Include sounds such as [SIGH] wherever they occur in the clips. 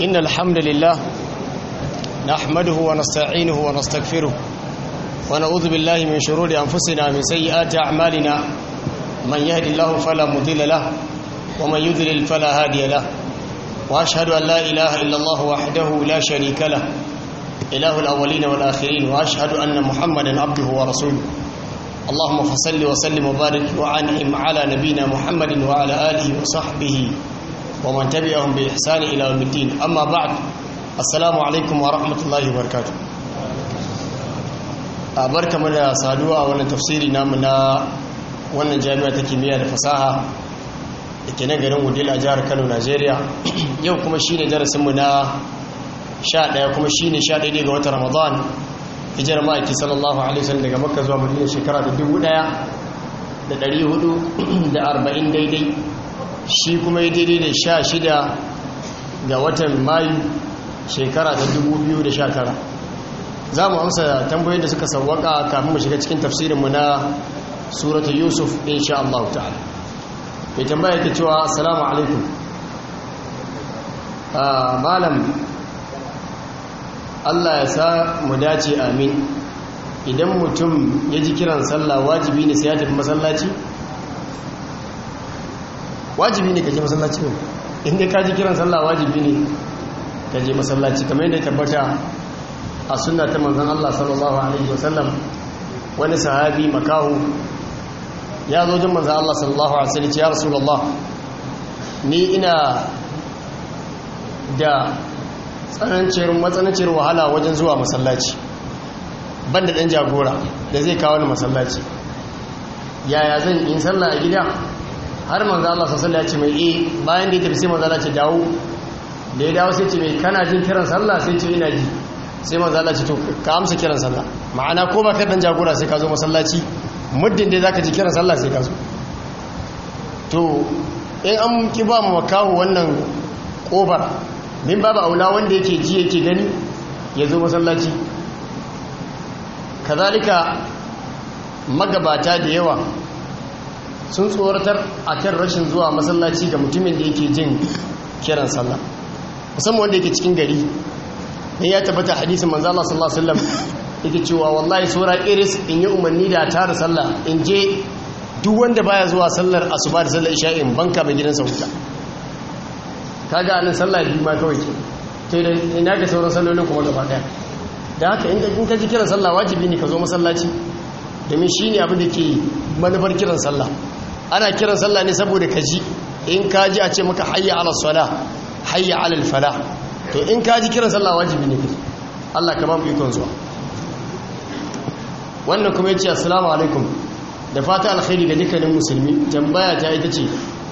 إن الحمد لله نحمده ونستعينه ونستغفره ونعوذ بالله من شرور أنفسنا من سيئات أعمالنا من يهد الله فلا مضل له ومن يذلل فلا هادي له وأشهد أن لا إله إلا الله وحده لا شريك له إله الأولين والآخرين وأشهد أن محمدا عبده ورسوله اللهم فصل وسلم وبارك وعنهم على نبينا محمد وعلى آله وصحبه ومن تبعهم بإحسان إلى يوم الدين أما بعد السلام عليكم ورحمة الله وبركاته أبارك من سادوا wannan jami'a ta kimiyya جامعة كيمياء الفصاحة ikina garin wudil a jihar kano najeriya [CLEARS THROAT] yau kuma shine darasinmu na 11 kuma shine 11 ga watan ramadan hijirar ma'aiki sallallahu alaihi wasallam daga makka zuwa madina shekara da arba'in daidai shi kuma ya daidai da sha shida ga watan mayu shekara ta 2019 za mu amsa tambayoyin da suka sauwaka kafin mu shiga cikin tafsirinmu na suratu yusuf insha Allah ta'ala mai tambaya yake cewa assalamu alaikum ah, malam Allah ya sa mu dace amin idan mutum ya ji kiran sallah wajibi ne sai ya tafi masallaci wajibi ne ka je masallaci ne in dai ka ji kiran sallah wajibi ne ka je masallaci kamar yadda ya tabbata a suna ta manzon Allah sallallahu alaihi wasallam wani sahabi makahu ya zo jin manzon Allah sallallahu alaihi wasallam ya rasulullah ni ina da tsananciyar matsananciyar wahala wajen zuwa masallaci ban da ɗan jagora da zai kawo ni masallaci yaya zan in sallah a gida har manzo Allah sallallahu alaihi wasallam ya ce mai eh bayan da ya tafi sai manzo Allah ce dawo da ya dawo sai ce mai kana jin kiran sallah sai ce ina ji sai manzo Allah ce to ka amsa kiran sallah ma'ana ko ba kai dan jagora sai ka zo masallaci muddin da zaka ji kiran sallah sai ka zo to in an ki ba mu makaho wannan kofar min babu aula wanda yake ji yake gani ya zo masallaci kazalika magabata da yawa sun tsoratar a kan rashin zuwa masallaci ga mutumin da yake jin kiran sallah musamman wanda yake cikin gari ne ya tabbata hadisin manzo Allah sallallahu alaihi wasallam yake cewa wallahi sura iris in yi umarni da tara sallah in je duk wanda baya zuwa sallar asuba da sallar isha in banka mai gidansa wuta kaga anan sallah biyu ma kawai ke sai da ina ga sauran sallolin kuma gaba daya da haka in ka ji kiran sallah wajibi ne ka zo masallaci domin shine abin da ke manufar kiran sallah ana kiran sallah ne saboda kaji in ka ji a ce maka hayya ala sala hayya ala fala to in ka ji kiran sallah wajibi ne kaji Allah ka ba ikon zuwa wannan kuma yace assalamu alaikum da fata alkhairi ga dukkanin musulmi tambaya ta ita ce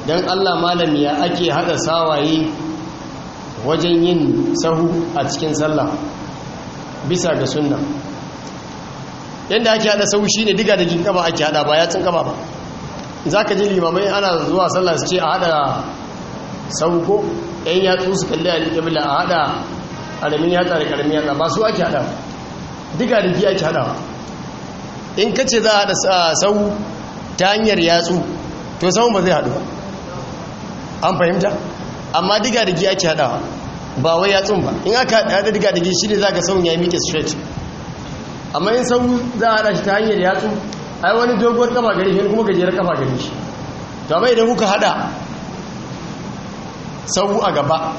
dan Allah malam ya ake hada sawaye wajen yin sahu a cikin sallah bisa ga sunna yadda ake hada sahu shine diga da gin kaba ake hada ba ya tsin ba za ka ji limamai ana zuwa sallah su ce a hada sauko yan yatsu su kalli a liƙabila a hada ƙaramin ya tsari ƙaramin ya ba su ake hada duka da ake hadawa in ka ce za a hada sau ta hanyar yatsu to sau ba zai hadu ba an fahimta amma diga da ake hadawa ba wai yatsun ba in aka hada diga da shi ne za ka sau ya yi miƙe straight amma in sau za a hada shi ta hanyar yatsu ai wani doguwar kafa gari shi kuma gajeren kafa gari shi to bai idan kuka hada sau a gaba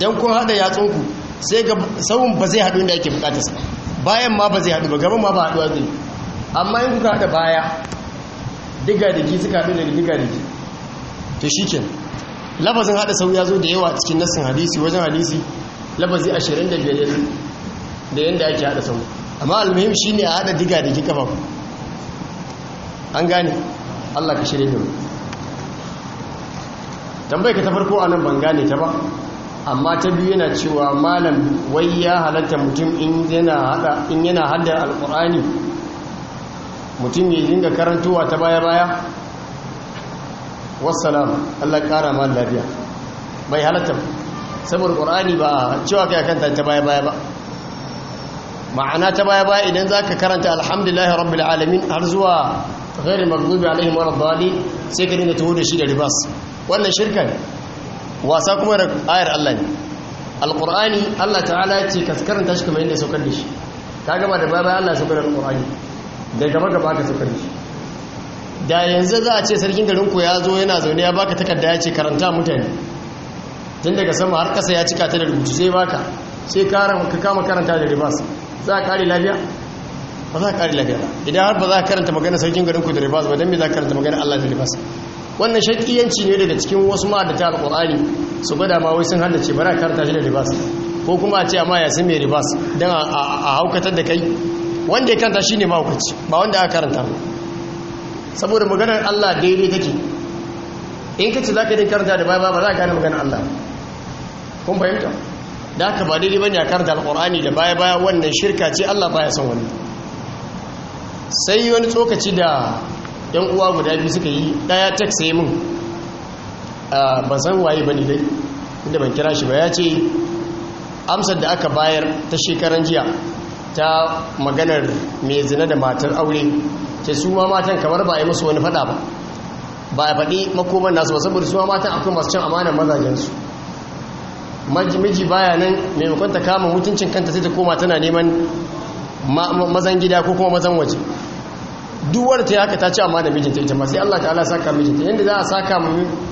don kun hada tsoku sai sauun ba zai haɗu inda ake sa bayan ma ba zai haɗu ba gaban ma ba haduwa zai amma in kuka haɗa baya diga da ji suka haɗu da diga da ji to shi ke lafazin haɗa sau ya zo da yawa cikin nassin hadisi wajen hadisi lafazi ashirin da biyar da yadda ake haɗa sau amma almuhim shi ne a haɗa diga da ki kafa an gane Allah ka shirya yau tambayi ka ta farko anan ban gane ta ba amma ta biyu yana cewa malam wai ya halatta mutum in yana hada alkurani mutum ya dinga karantowa ta baya baya wassalam Allah kara ma lafiya bai halatta saboda alkurani ba cewa kai kanta ta baya baya ba ma'ana ta baya baya idan za ka karanta alhamdulillahi rabbi alamin har zuwa غير المغضوب عليهم ولا الضالين sai ka تهود taho da shi da ribas wannan shirka ne wasa kuma da ayar Allah ne alqur'ani Allah ta'ala ce ka بابا الله kamar yadda saukar da shi ka gama da Allah da gaba da shi da yanzu za a ce sarkin garin ku ya zo yana zaune ya baka takarda ya ce karanta mutane tun daga sama har kasa ya cika ta da rubutu sai baka sai ka kama karanta da ribas za a kare lafiya ba za ka kare lafiya ba idan har ba za ka karanta magana sarkin garin ku da ribas ba don me za ka karanta magana Allah da ribas wannan shakiyanci ne daga cikin wasu ma da ta alqur'ani su gwada ma wai sun haddace ba za ka karanta shi da ribas ko kuma a ce amma ya san me ribas don a haukatar da kai wanda ya karanta shi shine mahaukaci ba wanda aka karanta ba saboda maganar Allah daidai take in ka ce za ka yi karanta da baya ba za ka gane maganar Allah kun fahimta da haka ba daidai bane a karanta alqur'ani da baya baya wannan shirka ce Allah ba ya son wannan sai wani tsokaci da yan uwa guda biyu suka yi daya tek sai mun ban san waye bane dai inda ban kira shi ba ya ce amsar da aka bayar ta shekaran jiya ta maganar mai zina da matar aure ce su ma matan kamar ba a yi musu wani fada ba ba a faɗi makoman nasu ba saboda su ma matan akwai masu can amanar mazajensu miji baya nan maimakon ta kama mutuncin kanta sai ta koma tana neman mazan gida ko kuma mazan waje duwar ta haka ta ce amma da mijinta ita ma sai Allah ta'ala saka mijinta yadda za a saka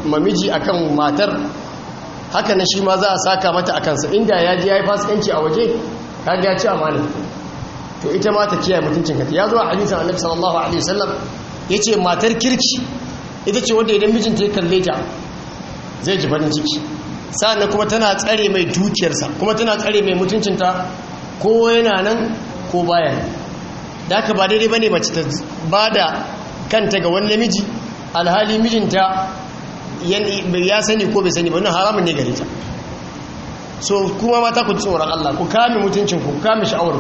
mamiji akan matar haka na shi ma za a saka mata a kansa inda ya ji ya yi fasikanci a waje ta ga ci amana to ita ma ta kiyaye mutuncin ka ya zo a hadisin annabi sallallahu alaihi wasallam yace matar kirki ita ce wanda idan mijinta ya kalle ta zai ji farin ciki sannan kuma tana tsare mai dukiyarsa kuma tana tsare mai mutuncinta ko yana nan ko baya da aka ba daidai bane mace ta ba da kanta ga wani namiji alhali mijinta ya sani ko bai sani ba wani haramun ne gare ta so kuma mata ku tsoron Allah ku kame mutuncin ku kame sha'awar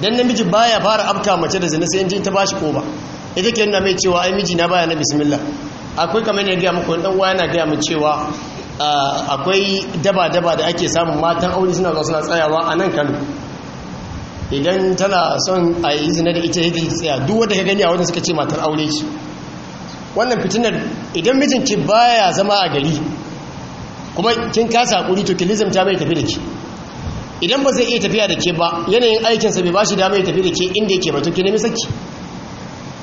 dan namiji baya fara afka mace da zina sai in ta bashi ko ba ita ke nuna mai cewa ai miji na baya na bismillah akwai kamar ne ga muku dan uwa yana gaya mu cewa ah, akwai daba-daba da ake samun matan aure suna zuwa suna tsayawa a nan Kano idan tana son a yi zina da ita yadda tsaya duk wanda ka gani a wajen suka ce matar aure ce wannan fitinar idan mijinki baya zama a gari kuma kin kasa hakuri to kilizam ta bai tafi da ke idan ba zai iya tafiya da ke ba yanayin aikinsa bai ba shi dama ya tafi da ke inda yake ba to ki nemi saki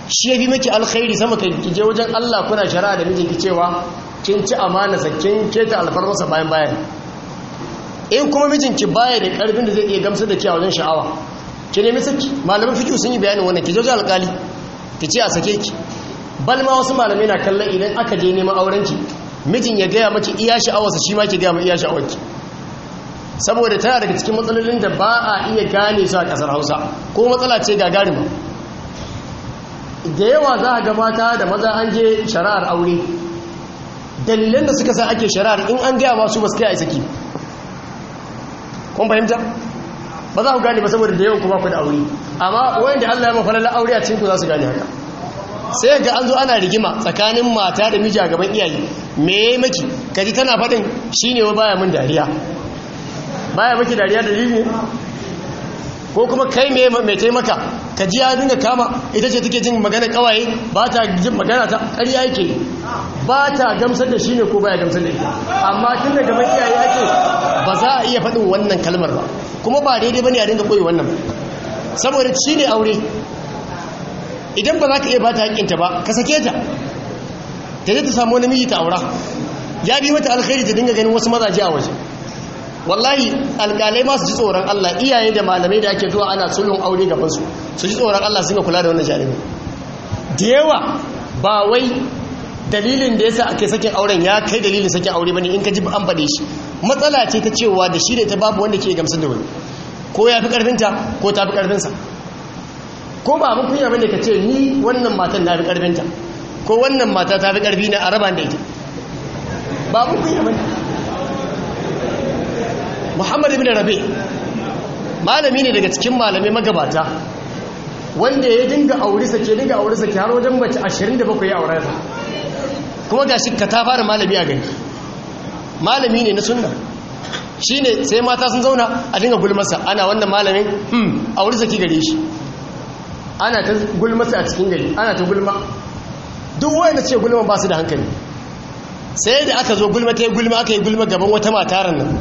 shi ya alkhairi sama ka je wajen Allah kuna shari'a da mijinki cewa kin ci amana sakin keta alfarmasa bayan bayan in kuma mijinki baya da karfin da zai iya gamsar da ke a wajen sha'awa ki ne saki malamin fikihu sun yi bayanin wannan ki je alkali ki ce a sake ki bal ma wasu malamai na kallon idan aka je neman auren ki mijin ya gaya maki iya sha'awarsa shi ma ki gaya ma iya sha'awar ki saboda tana daga cikin matsalolin da ba a iya gane su a kasar Hausa ko matsala ce gagarima da yawa za a ga mata da maza an je shari'ar aure dalilan da suka sa ake shari'ar in an gaya masu ba su kai a saki kun fahimta ba za ku gane ba saboda da yawan kuma ku da aure amma da Allah ya mafa lalle aure a cikin ku za su gane haka sai ga an zo ana rigima tsakanin mata da miji a gaban iyaye me yayi miki kaji tana faɗin shine wa baya mun dariya baya miki dariya da rigo ko kuma kai me mai taimaka ka ji ya dinga kama ita ce take jin magana kawaye ba ta jin magana ta ƙarya yake ba ta gamsar da shi ne ko baya gamsar da ita amma tun da gaban iyaye ake ba za a iya faɗin wannan kalmar ba kuma ba daidai bane a dinga koyi wannan saboda shi ne aure idan ba za ka iya ba ta haƙƙinta ba ka sake ta ta je ta samu miji ta aura ya bi mata alkhairi ta dinga ganin wasu mazaje a waje wallahi alƙalai ma su ji tsoron Allah iyaye da malamai da ake zuwa ana sulhun aure gaban su su ji tsoron Allah su ga kula da wannan jarumi da yawa ba wai dalilin da yasa ake sakin auren ya kai dalilin sakin aure bane in ka ji an fade shi matsala ce ta cewa da shi da ta babu wanda ke gamsar da wani ko ya fi ta ko ta fi sa ko ba abin kunya bane ka ce ni wannan matan na fi ta ko wannan mata ta fi karfi na araban da ita ba abin kunya bane Muhammad ibn Rabi malami ne daga cikin malamai magabata wanda ya dinga aure sake dinga aure sake har wajen mace 27 ya aure sa kuma ga shi ka ta fara malami a gari malami ne na sunna shi ne sai mata sun zauna a dinga gulmasa ana wannan malamin hmm a wuri saki gare shi ana ta gulmasa a cikin gari ana ta gulma duk wanda ce gulma ba su da hankali sai da aka zo gulma ta yi gulma aka yi gulma gaban wata mataran nan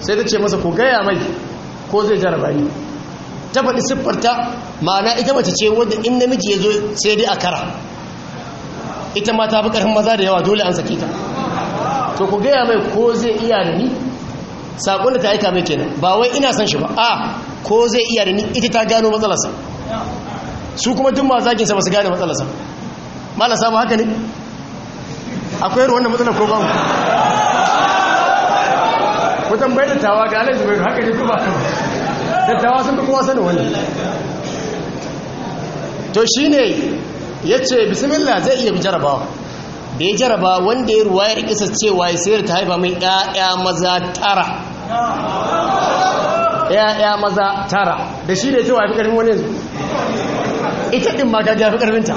sai ta ce masa ko gaya mai ko zai jaraba ni ta faɗi siffarta ma'ana ita mace ce wadda in namiji ya zo sai dai a kara ita ma ta fi ƙarfin maza da yawa dole an sake ta to ku gaya mai ko zai iya da ni saƙon da ta aika mai kenan ba wai ina son shi ba a ko zai iya da ni ita ta gano matsalarsa su kuma duk ma sa ba su gane matsalarsa malasa ba haka ne akwai ruwan da matsalar ko ba mu kutan bai da tawa ga alaji bai haka ne ba kuma dattawa sun fi kowa sanin wani to shi ne ya ce bismillah zai iya jarabawa da ya jaraba wanda ya ruwa ya rikisa cewa ya sayar ta haifa mai ƴaƴa maza tara ya'ya maza tara da shi ne cewa ya fi ƙarfin wani yanzu ita ɗin ma ya fi ƙarfinta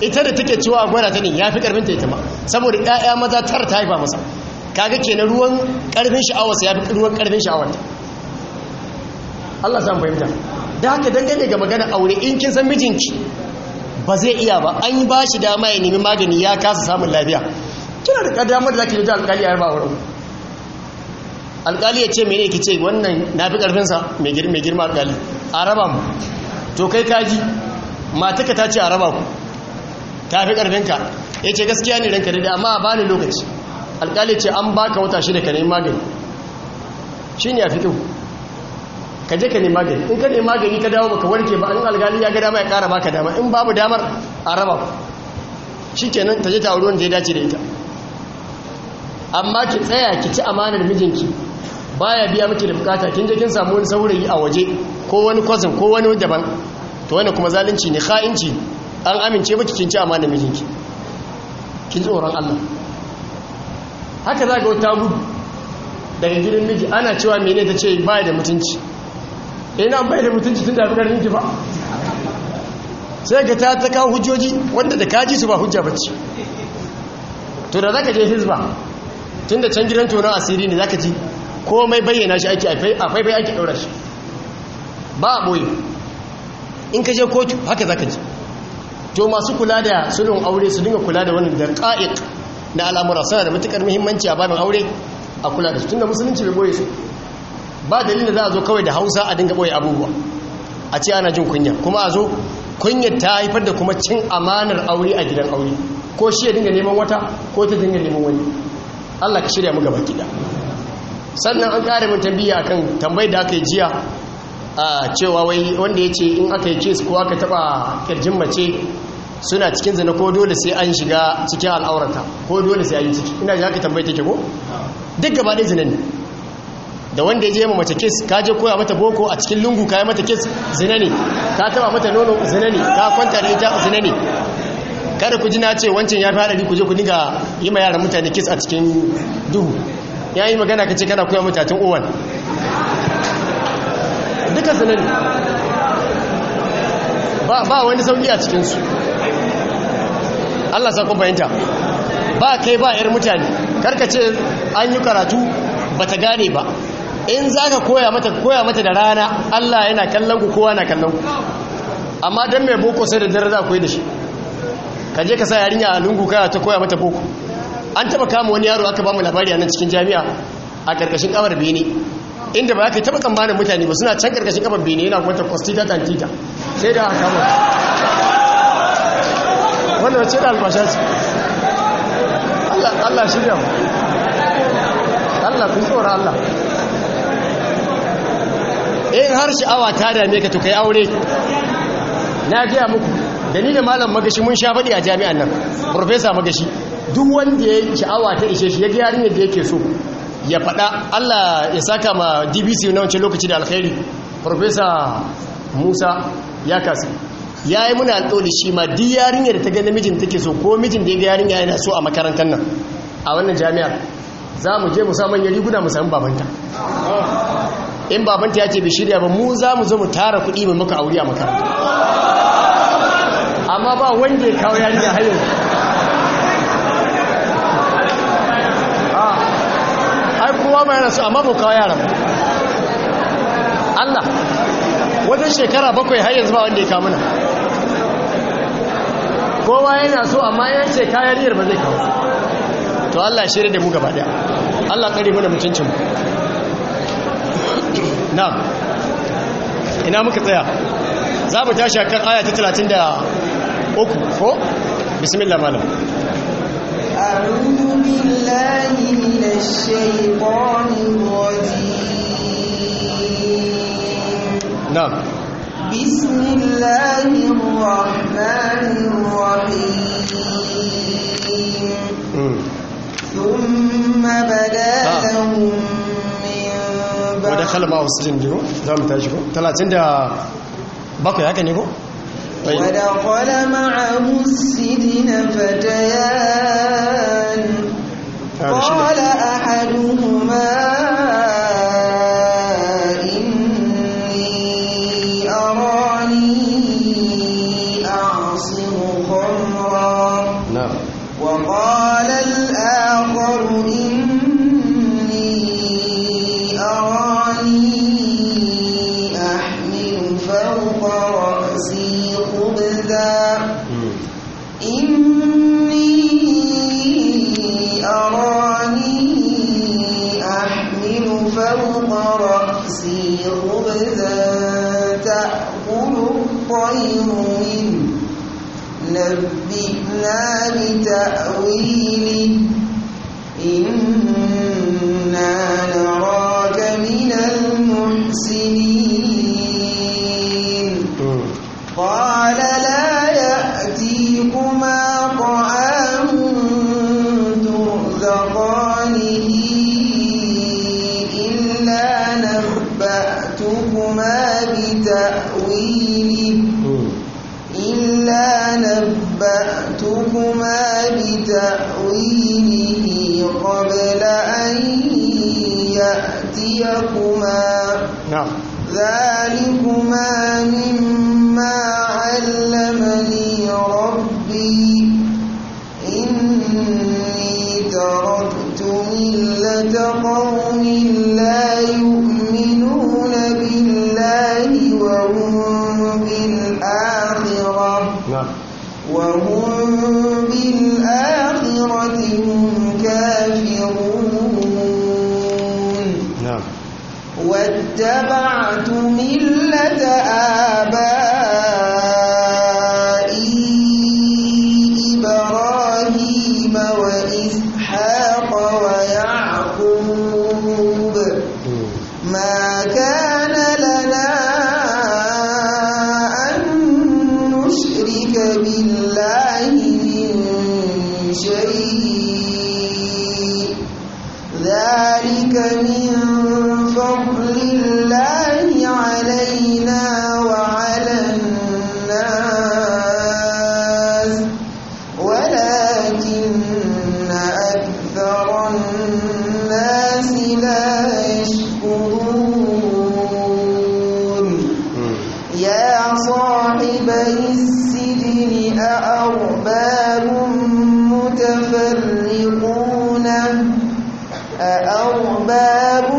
ita da take cewa gwada ta ne ya fi ƙarfinta ita ma saboda ƴaƴa maza tara ta haifa masa kaga kenan ruwan ƙarfin sha'awarsa ya fi ruwan ƙarfin sha'awarta Allah samu fahimta da haka dangane ga magana aure in kin san mijinki ba zai iya ba an yi ba shi dama ya nemi magani ya kasa samun lafiya kina da damar da zaki yi alkali alƙali yi ba wurin alƙali ya ce mene ki ce wannan na fi ƙarfinsa mai girma alƙali a raba mu to kai kaji matuka ta ce a raba ku ta fi ƙarfinka ya ce gaskiya ne ranka daidai amma ba ni lokaci alƙali ce an baka wata shi da ka magani shi ne a fi kyau ka je ka ne magani in ka ne magani ka dawo baka warke ba an algali ya ga dama ya kara baka dama in babu damar a raba ku shikenan ta je ta auri wanda ya dace da ita amma ki tsaya ki ci amanar mijinki baya biya miki da bukata kin je kin samu wani saurayi a waje ko wani kwazin ko wani daban to wani kuma zalunci ne kha'inci an amince miki kin ci amanar mijinki kin tsoron Allah haka za ga wata gudu daga gidan miji ana cewa mene ta ce baya da mutunci ina bai da mutunci tun da fi ƙarfin ki ba sai ka ta ta kawo hujjoji wanda da kaji su ba hujja bacci to da za ka je hizba tun da can gidan tonon asiri ne za ka ji komai bayyana shi ake a faifai ake ɗaura shi ba a ɓoye in ka je kotu haka za ka ji to masu kula da sulhun aure su dinga kula da wannan da ƙa'iƙ na al'amura suna da matuƙar muhimmanci a babin aure a kula da su tun da musulunci bai boye su ba dalilin da za a zo kawai da hausa a dinga ɓoye abubuwa a ce ana jin kunya kuma a zo kunyar ta haifar da kuma cin amanar aure a gidan aure ko shi ya dinga neman wata ko ta dinga neman wani allah ka shirya mu gaba gida sannan an ƙara min tambiya akan tambayi da aka yi jiya a cewa wai wanda ya ce in aka yi kes ko aka taba kirjin mace suna cikin zina ko dole sai an shiga cikin al'aurata ko dole sai an yi ciki ina ji haka tambayi take ko duk gaba ɗaya zina ne da wanda ya je ma mace kiss ka je koya mata boko a cikin lungu ka yi mata kiss zina ne ka taba mata nono zina ne ka kwanta da ita zina ne kada ku ji na ce wancan ya fi haɗari ku je ku dinga yi ma yaran mutane kiss a cikin duhu ya yi magana ka ce kana koya mata tun uwan. duka zina ne ba wani sauki a cikinsu Allah sa ku fahimta ba kai ba 'yar mutane karka ce an yi karatu ba ta gane ba in za ka koya mata koya mata da rana allah yana kallon ku kowa na kallon ku amma don mai boko sai da dare za ku yi da shi ka je ka sa yarinya a lungu kaya ta koya mata boko an taba kama wani yaro aka ba mu labari a nan cikin jami'a a karkashin kamar bene inda ba ka taba tsammanin mutane ba suna can karkashin kamar bene yana kwanta kwastita tantita sai da aka kama wanda ce da albasha ce Allah shirya Allah kun tsora Allah in har sha'awa ta dame ka to kai aure na gaya muku da ni da malam magashi mun sha faɗi a jami'an nan profesa magashi duk wanda ya sha'awa ta ishe shi ya ga yarinyar da yake so ya faɗa Allah ya saka ma DBC na wancan lokaci da alkhairi profesa Musa ya kasu ya yi muna alƙoli shi ma duk yarinyar da ta ga namijin take so ko mijin da ya ga yarinya yana so a makarantar nan a wannan jami'ar za mu je mu samu manyan riguna mu samu babanta in babanta ya ce bai shirya ba mu za mu zo mu tara kuɗi mai muka aure a makaranta amma ba wanda ya kawo yari a hayo ah, ai kowa ma yana so amma ba kawo ba Allah wajen shekara bakwai har yanzu ba wanda ya kawo mana kowa yana so amma yan ce kayan yiyar ba zai kawo to Allah shirya da mu gaba daya Allah kare mu da mutuncin mu نعم ina muka tsaya za mu tashi akan aya ta 33 ko الله malam أعوذ بالله من الشيطان الرجيم نعم بسم الله الرحمن الرحيم ثم بدا آه. لهم wa dakhala ma wasjin jigo za mu tashi ko 37 haka ne ko ودخل معه السجن فتيان قال أحدهما نبئنا بتأويله أأرباب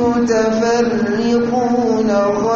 متفرقون خير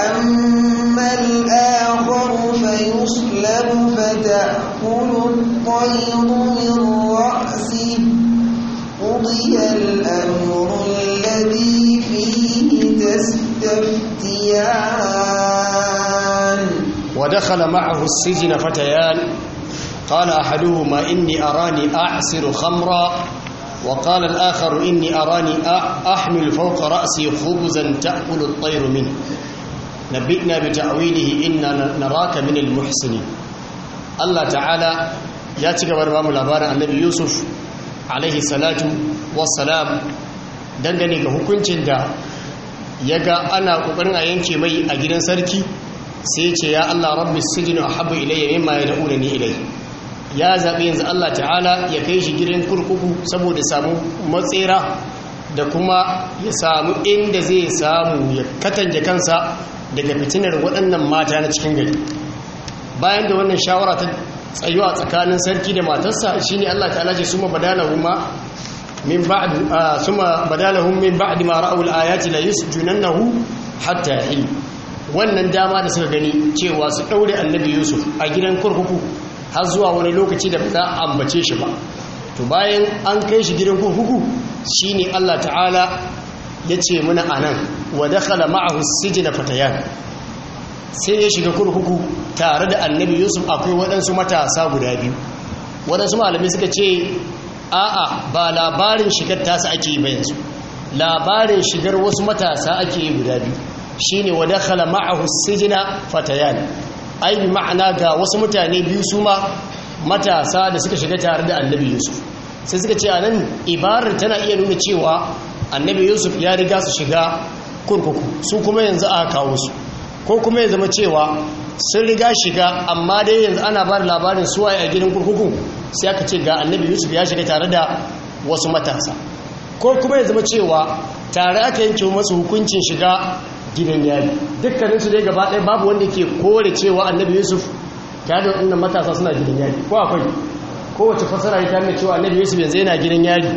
وأما الآخر فَيُسْلَبُ فتأكل الطير من رأسه قضي الأمر الذي فيه تستفتيان ودخل معه السجن فتيان قال أحدهما إني أراني أعصر خمرا وقال الآخر إني أراني أحمل فوق رأسي خبزا تأكل الطير منه نبئنا بتعويله إنا نراك من المحسنين الله تعالى ياتيك بربام الأبار النبي يوسف عليه الصلاة والسلام dangane ga hukuncin da ya ga ana kokarin a yanke mai a gidan sarki sai ce ya Allah rabbi sijinu ahabbu ilayya mimma yad'una ni ilai ya zabi yanzu Allah ta'ala ya kai shi gidan kurkuku saboda samu matsera da kuma ya samu inda zai samu ya katanje kansa daga fitinar waɗannan mata na cikin gari bayan da wannan shawara ta tsayuwa tsakanin sarki da matarsa shine Allah ta'ala ce suma badalahuma min ba'd min ba'd ma ra'u junan ayati la hatta yi wannan dama da suka gani cewa su ɗaure annabi Yusuf a gidan kurkuku har zuwa wani lokaci da a ambace shi ba to bayan an kai shi gidan kurkuku shine Allah ta'ala ya ce muna a nan wadda kala ma'ahu sijina fatayan sai ya shiga kurkuku tare da annabi yusuf akwai waɗansu matasa guda biyu waɗansu malami suka ce a'a ba labarin shigar tasa ake yi ba yanzu labarin shigar wasu matasa ake yi guda biyu shine wa dakhala ma'ahu sijina fatayan ai bi ma'ana ga wasu mutane biyu su ma matasa da suka shiga tare da annabi yusuf sai suka ce anan ibarar tana iya nuna cewa annabi yusuf ya riga su shiga kurkuku su kuma yanzu a kawo su ko kuma ya zama cewa sun riga shiga amma dai yanzu ana ba labarin suwaye a gidan kurkuku sai aka ce ga annabi yusuf ya shiga tare da wasu matasa ko kuma ya zama cewa tare aka yanke masu hukuncin shiga gidan yari dukkaninsu dai gaba ɗaya babu wanda ke kore cewa annabi yusuf tare da matasa suna gidan yari ko akwai kowace fasara ta nuna cewa annabi yusuf yanzu yana gidan yari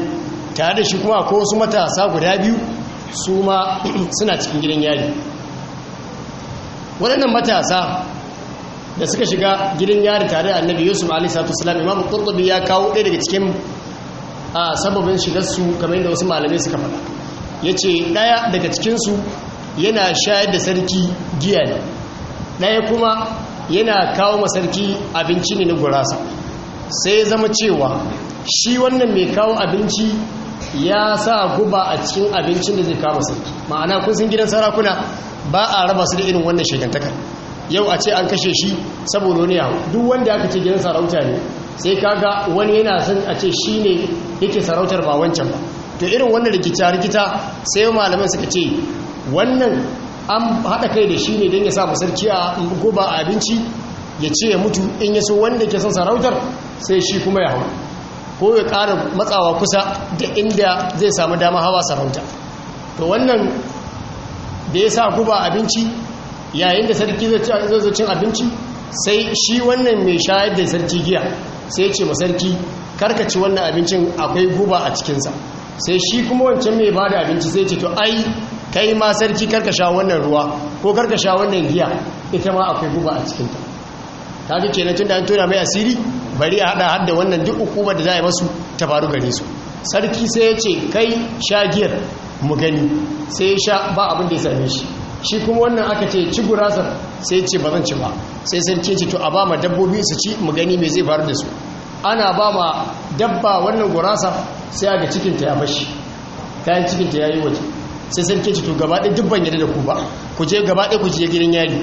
tare da shi kuma ko wasu matasa guda biyu su ma [CLEARS THROAT] suna cikin gidan yari waɗannan matasa da suka shiga gidan yari tare da annabi yusuf salam imam kurdubi ya kawo ɗaya daga cikin a sababin shigarsu kamar yadda wasu malamai suka faɗa ya ce ɗaya daga cikinsu yana shayar da sarki giya ne ɗaya kuma yana kawo ma sarki abinci ne na gurasa sai ya zama cewa shi wannan mai kawo abinci ya sa guba a cikin abincin da zai kama sarki ma'ana kun san gidan sarakuna ba a raba su da irin wannan shekantakar yau a ce an kashe shi saboda wani yawon duk wanda aka ce gidan sarauta ne sai kaga wani yana son a ce shi ne yake sarautar ba wancan ba to irin wannan rikita rikita sai malaman suka ce wannan an haɗa kai da shi ne don ya sa sarki a guba a abinci ya ce ya mutu in ya so wanda ke son sarautar sai shi kuma ya hau ko ya ƙara matsawa kusa da inda zai samu dama hawa sarauta to wannan da ya sa guba abinci yayin da sarki zai cin abinci sai shi wannan mai shayar da sarki giya sai ce ma sarki karkaci wannan abincin akwai guba a cikinsa sai shi kuma wancan mai ba da abinci sai ce to ai kai ma sarki karkasha wannan ruwa ko karkasha wannan giya ita ma akwai guba a cikinta ta ji kenan tun da an tona mai asiri bari a hada hadda wannan duk hukumar da za a yi masu ta faru gare su sarki sai ya ce kai sha giyar mu gani sai ya sha ba abin da ya same shi shi kuma wannan aka ce ci gurasar sai ya ce ba zan ci ba sai sarki ya ce to a ba ma dabbobi su ci mu gani me zai faru da su ana ba ma dabba wannan gurasa sai cikin cikinta ya bashi kayan cikinta ya yi waje sai sarki ce to gaba ɗaya dubban yadda da ku ba ku je gaba ɗaya ku je gidan yari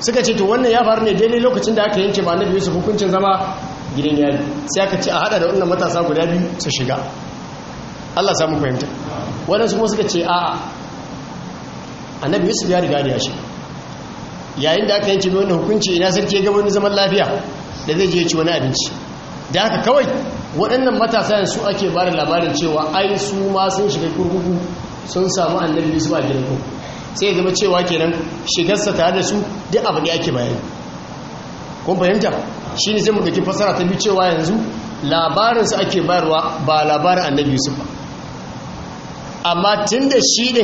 suka ce to wannan ya faru ne daidai lokacin da aka yanke ba annabi yusuf hukuncin zama gidan yari sai aka ce a hada da wannan matasa guda biyu su shiga Allah samu fahimta waɗansu kuma suka ce a'a annabi yusuf ya riga da ya shiga yayin da aka yanke wani hukunci ina sarki ya gaba wani zaman lafiya da zai je ci wani abinci da haka kawai waɗannan matasa su ake ba da labarin cewa ai su ma sun shiga kurkuku sun samu annabi yusuf a gidan kurkuku sai zama cewa kenan shigarsa tare da su duk abu da ake bayani kun fahimta shi ne sai mu ɗauki fasara ta biyu cewa yanzu labarinsa ake bayarwa ba labarin annabi yusuf ba amma tun da shi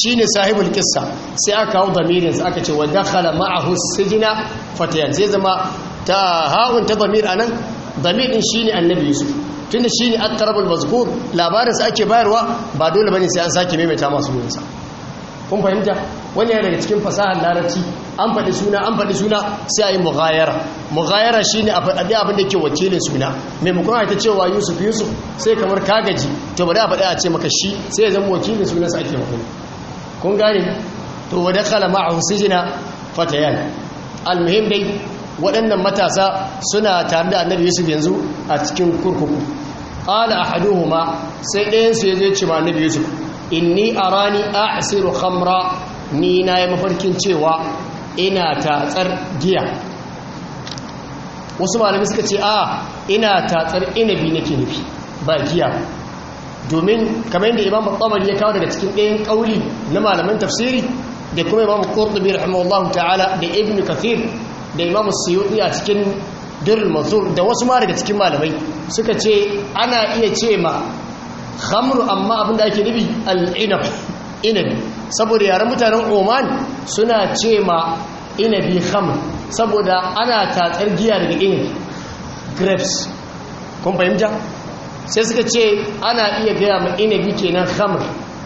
shi ne sahibul kissa sai aka hau damirinsa aka ce wa dakhala ma'ahu sijina fatayan zai zama ta ha'un ta damir anan damirin shi ne annabi yusuf tunda shi ne attarabul mazkur labarinsa ake bayarwa ba dole ba ne sai an sake maimaita masu wurinsa kun fahimta wani daga cikin fasahar larabci an faɗi suna an faɗi suna sai a yi mughayara mughayara shi ne abin da ke wakilin suna maimakon haita cewa yusuf yusuf sai kamar kagaji to bari a faɗi a ce maka shi sai ya zama wakilin suna sa ake makon kun gane to wa dakhala ma'ahu sijina fatayan almuhim dai waɗannan matasa suna tare da annabi yusuf yanzu a cikin kurkuku qala ahaduhuma sai ɗayan su ya zo ce ma annabi yusuf inni arani a'siru khamra ni na yi mafarkin cewa ina tatsar giya wasu malami suka ce a ah, ina tatsar inabi nake nufi ba giya domin kamar yadda imam tsamari ya kawo daga cikin ɗayan ƙauli na malaman tafsiri da kuma imam ƙordubi rahimahullahu ta'ala da ibn kafir da imam suyuɗi a cikin dirul mansur da wasu ma daga cikin malamai suka ce ana iya ce ma khamru amma abin da ake nufi al'inab inabi saboda yaren mutanen oman suna ce ma inabi ham saboda ana tatsar giya daga inabi grapes kun fahimta sai suka ce ana iya gaya ma inabi kenan hamr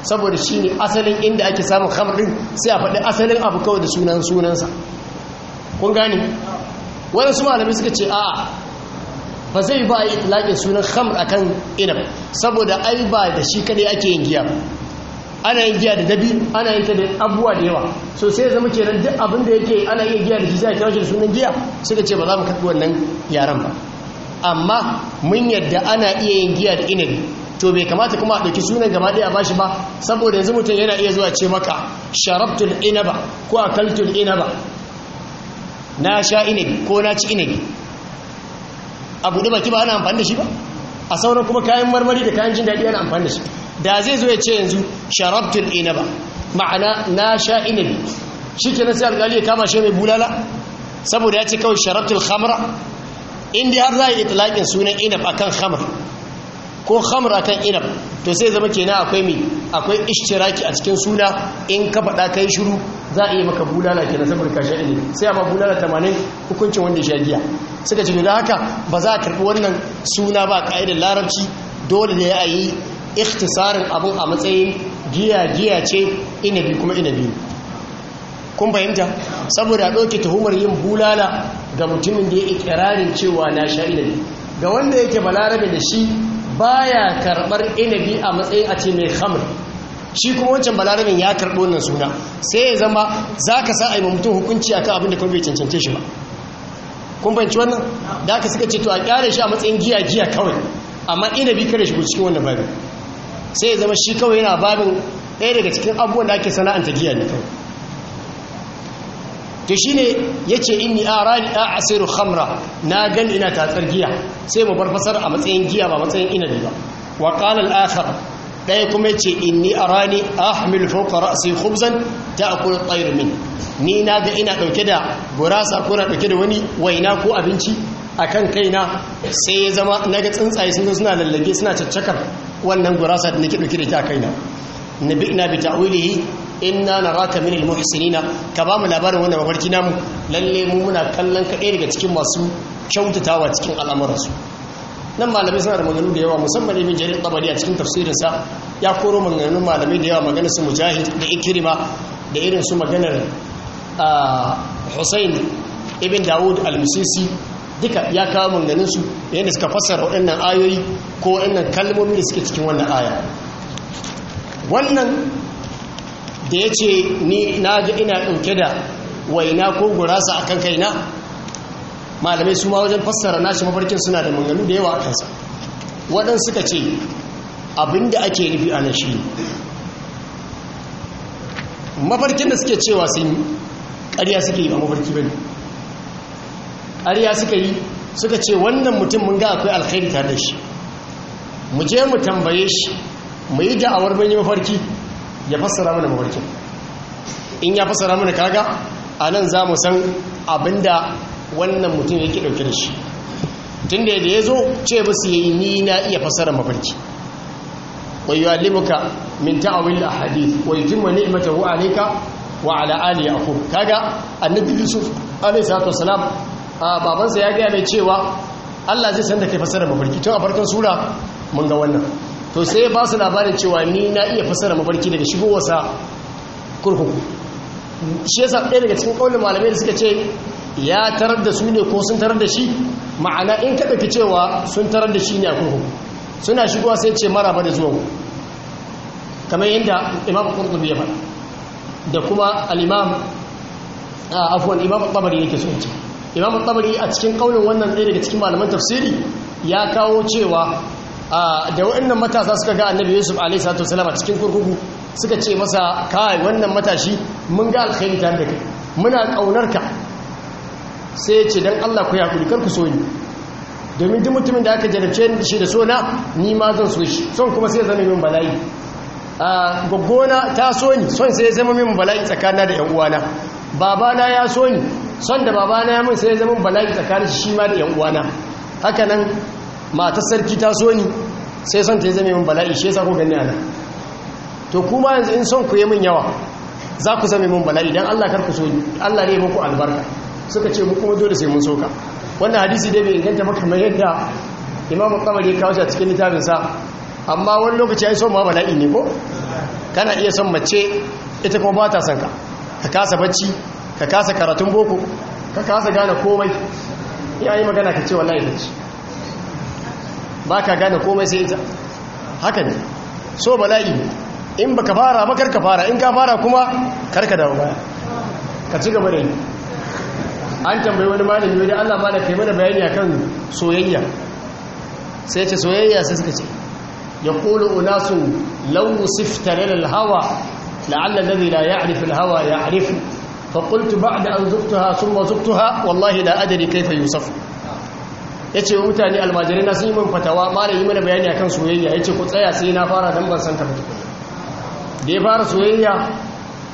saboda shi ne asalin inda ake samun hamr din sai a faɗi asalin abu kawai da sunan sunansa kun gani su malami suka ce a ba zai ba a yi laƙin sunan hamr akan inab saboda ai ba da shi kadai ake yin giya ana yin giya da dabi ana yin ta da abubuwa da yawa so sai zama kenan duk abin da yake ana yin giya da shi sai kira shi da sunan giya suka ce ba za mu karɓi wannan yaren ba amma mun yadda ana iya yin giya da inabi to bai kamata kuma a ɗauki sunan gaba ɗaya ba shi ba saboda yanzu mutum yana iya zuwa ce maka sharabtul inaba ko akaltul inaba na sha inabi ko na ci inabi abu da baki ba ana amfani da shi ba a sauran kuma kayan marmari da kayan jin daɗi ana amfani da shi da zai zo ya ce yanzu sharabtul inaba ma'ana na sha inabi shi kenan sai alƙali ya kama shi mai bulala saboda ya ce kawai sharabtul khamra in dai har za a yi sunan inab akan khamr ko khamr akan inab to sai zama kenan akwai mi akwai ishtiraki a cikin suna in ka faɗa kai shiru za a yi maka bulala kenan saboda ka sha inabi sai amma bulala tamanin hukuncin wanda ya sha giya suka ce da haka ba za a karɓi wannan suna ba ƙa'idar larabci dole ne a yi ikhtisarin abun a matsayin giya giya ce inabi kuma inabi kun fahimta saboda ɗauke tuhumar yin bulala ga mutumin da ya ikirarin cewa na sha inabi ga wanda yake balarabe da shi baya karɓar inabi a matsayin a ce mai khamr shi kuma wancan balarabin ya karɓo wannan suna sai ya zama za ka sa a yi mutum hukunci akan abin da kuma bai cancance shi ba kun fahimci wannan da aka suka ce to a kyare shi a matsayin giya giya kawai amma inabi kare shi cikin wannan bari sai ya zama shi kawai yana babin ɗaya daga cikin abubuwan da ake sana'anta giya ne kawai to shi ne ya ce inni a rani a asiru hamra na gan ina tatsar giya sai mu bar fasar a matsayin giya ba matsayin inabi ba wa ƙalar ɗaya kuma ce inni a rani a hamil a sai hubzan ta akwai tsayar min ni na ga ina ɗauke da burasa ko na ɗauke da wani waina ko abinci a kan na sai ya zama na ga tsuntsaye sun zo suna lallage suna caccakar wannan gurasa da nake dauke da ita kaina nabi ina bi ta'wilihi inna naraka minal muhsinina ka ba mu labarin wannan mafarki namu lalle mu muna kallon ka ɗaya daga cikin masu kyautatawa cikin al'amuransu nan malamai suna da maganganu da yawa musamman ibn jarir tabari a cikin tafsirinsa ya koro maganganun malamai da yawa maganar su mujahid da ikrima da irin su maganar ah, Hussein ibn Da'ud al-Musisi duka ya kawo manganin su yadda suka fassara waɗannan ayoyi ko waɗannan kalmomi da suke cikin wannan aya wannan da ya ce ni na ga ina ɗauke da waina ko gurasa a kan kaina malamai su ma wajen fassara nashi mafarkin suna da manganu da yawa a kansa waɗansu suka ce abinda ake nufi a nan shi mafarkin da suke cewa sun ƙarya suke yi a mafarki bane ariya suka yi suka ce wannan mutum mun ga akwai alkhairi tare da shi mu je mu tambaye shi mu yi da'awar mun yi mafarki ya fassara mana mafarkin in ya fassara mana kaga a nan za mu san abinda wannan mutum yake ɗauke da shi tun da ya zo ce musu yi ni na iya fassara mafarki wai yi min ta'awil a hadith wai tun wani wa alaika wa ala ali a kaga annabi yusuf alayhi salatu wasalam a babansa ya gaya mai cewa Allah zai san da kai fasara mafarki tun a farkon sura mun ga wannan to sai ya ba su labarin cewa ni na iya fasara mafarki daga shigowarsa kurkuku shi yasa ɗaya daga cikin ƙaunar malamai da suka ce ya tarar da su ne ko sun tarar da shi ma'ana in ka ɗauki cewa sun tarar da shi ne a kurkuku suna shigowa sai ce mara ba da zuwa kamar yadda imam kurkuku ya faɗa da kuma al'imam a afuwan imam tabari yake so ce imam tabari a cikin kaunin wannan ɗaya daga cikin malaman tafsiri ya kawo cewa da waɗannan matasa suka ga annabi yusuf alaihi salatu wasallam a cikin kurkuku suka ce masa kai wannan matashi mun ga alkhairi tare da kai muna kaunar ka sai ya ce dan Allah ku yaƙuri kar ku so ni domin duk mutumin da aka jarabce shi da sona ni ma zan so shi son kuma sai zama min bala'i a gwaggona ta so ni son sai zama min bala'i tsakana da yan uwana babana ya so ni son da babana ya mun sai ya zama bala'i tsakanin shi ma da yan uwana haka nan mata sarki ta so ni sai son ta ya zama min bala'i shi sa ku gani ana to kuma yanzu in son ku yi min yawa za ku zama min bala'i don Allah kar ku so ni Allah ne muku albarka suka ce mu kuma dole sai mun soka wannan hadisi dai bai inganta maka mai yadda Imam Qabari ya kawo a cikin littafin sa amma wani lokaci ya yi son ma bala'i ne ko kana iya son mace ita kuma ba ta son ka ka kasa bacci ka kasa karatun boko ka kasa gane komai ya yi magana ka ce wallahi da ce ba ka gane komai sai ita haka ne so bala'i in ba ka fara ba karka ka fara in ka fara kuma kar ka dawo baya ka ci gaba da yi an tambayi wani malami wani allah ma da kai mana bayani a kan soyayya sai ce soyayya sai suka ce ya kolo unasu lau sifta hawa la'allan lazi la ya hawa ya arifu فقلت بعد أن زبتها ثم زبتها والله لا أدري كيف يوصف yace wa mutane almajirai na sun yi min fatawa malami mana bayani akan soyayya yace ku tsaya sai na fara dan ban santa mutum da ya fara soyayya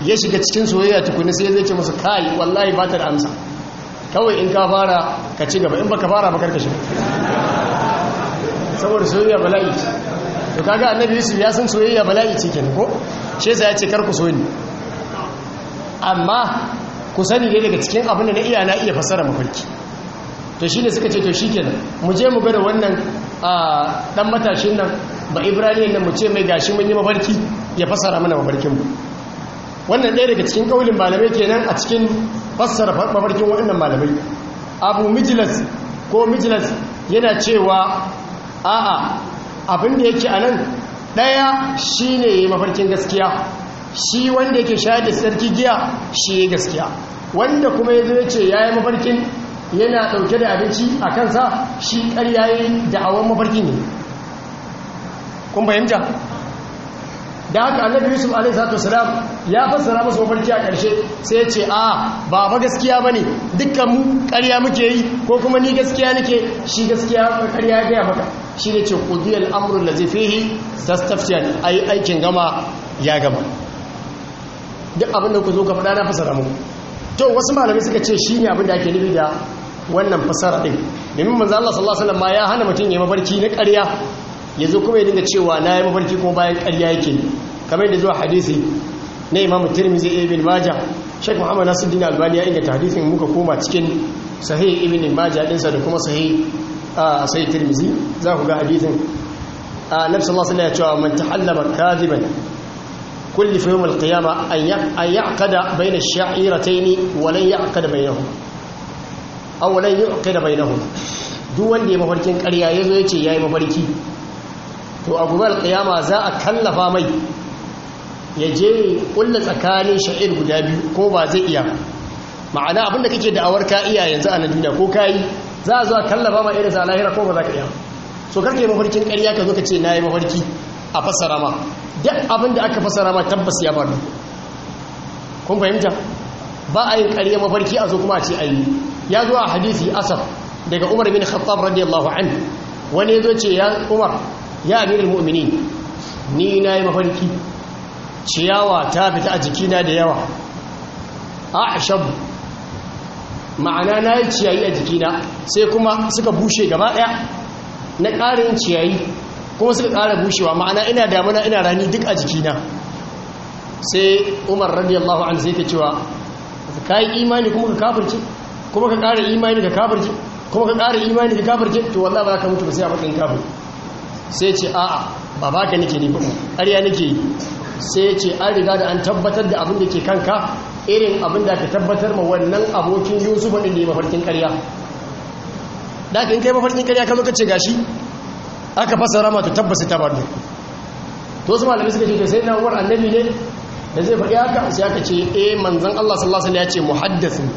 ya shiga cikin soyayya tukuni sai zai ce musu kai wallahi ba ta da amsa kawai in ka fara ka ci gaba in baka fara ba karkashi saboda soyayya bala'i to kaga annabi Yusuf ya san soyayya bala'i ce kenan ko shi yasa ya ce kar ku so ni amma ku sani ne daga cikin abin da na iya na iya fasara mafarki to shi ne suka ce to shi kenan mu je mu ga wannan dan matashin nan ba ibrahim nan mu ce mai gashi mun yi mafarki ya fasara mana mafarkin mu wannan ɗaya daga cikin kaulin malamai kenan a cikin fassara mafarkin waɗannan malamai abu mijilas ko mijilas yana cewa a'a abin da yake a nan ɗaya shi ne mafarkin gaskiya shi wanda yake shayar da sarki giya shi ya gaskiya wanda kuma ya zo ya ce yi mafarkin yana ɗauke da abinci a kansa shi ƙarya yi da'awar mafarki ne kun fahimta da haka annabi yusuf alaihi salam ya fassara masa mafarki a ƙarshe sai ya ce a ba fa gaskiya ne dukkan mu ƙarya muke yi ko kuma ni gaskiya nake shi gaskiya ƙarya ya gaya maka shi ne ce amurin amru allazi fihi tastaftiyan ai aikin gama ya gama duk abin da ku zo ka faɗa na fasara mu to wasu malamai suka ce shi ne abin da ake nufi da wannan fasara din domin manzo Allah sallallahu alaihi wasallam ya hana mutum ya mafarki na ƙarya yanzu kuma ya dinga cewa na yi mafarki kuma bayan ƙarya yake kamar da zuwa hadisi na Imam Tirmidhi Ibn Majah Sheikh Muhammad Nasiruddin Albani ya inganta hadisin muka koma cikin Sahih Ibn Majah dinsa da kuma Sahih a Sahih Tirmidhi za ku ga hadisin Annabi sallallahu alaihi wasallam ya ce man tahallama kadiban kulli fi yawmil qiyama an yaqada bayna ash-sha'iratayn wa lan yaqada bainahuma aw lan yuqada bainahuma duk wanda ya mafarkin ƙarya yazo yace yayi mafarki to a gobe al za a kallafa mai ya je kulla tsakanin sha'ir guda biyu ko ba zai iya ma'ana abinda kake da'awar ka iya yanzu a na duniya ko kayi za a zo a kallafa ma irin sa lahira ko ba za ka iya so karka yi mafarkin ƙarya ka zo ka ce na yi mafarki a fasara ma duk abin da aka fasara ma tabbas ya faru kun fahimta ba a yin ƙarya mafarki a zo kuma a ce a yi ya zo a hadisi asar daga umar bin khattab radiyallahu anhu wani zo ce ya umar ya amirul mu'minin ni na yi mafarki ciyawa ta fita a jikina da yawa a shabu ma'ana na yi ciyayi a jikina sai kuma suka bushe gaba ɗaya na ƙarin ciyayi kuma suka ƙara bushewa ma'ana ina damuna ina rani duk a jikina sai umar radiyallahu an zai ka cewa ka yi imani kuma ka kafirce kuma ka ƙara imani ka kafirce kuma ka ƙara imani ka kafirce to wallah ba ka mutu ba sai a matsayin kafir sai ce a'a ba ba ka nake ne ba ƙarya nake yi sai ce an riga da an tabbatar da abin da ke kanka irin abin da ka tabbatar ma wannan abokin yusuf ɗin da ya mafarkin ƙarya da ka in kai mafarkin ƙarya ka ka ce gashi aka fasara ma to tabbas ta bani to su malami suka ce to sai na war annabi ne da zai faɗi haka sai aka ce eh manzon Allah sallallahu alaihi wasallam ya ce muhaddath ne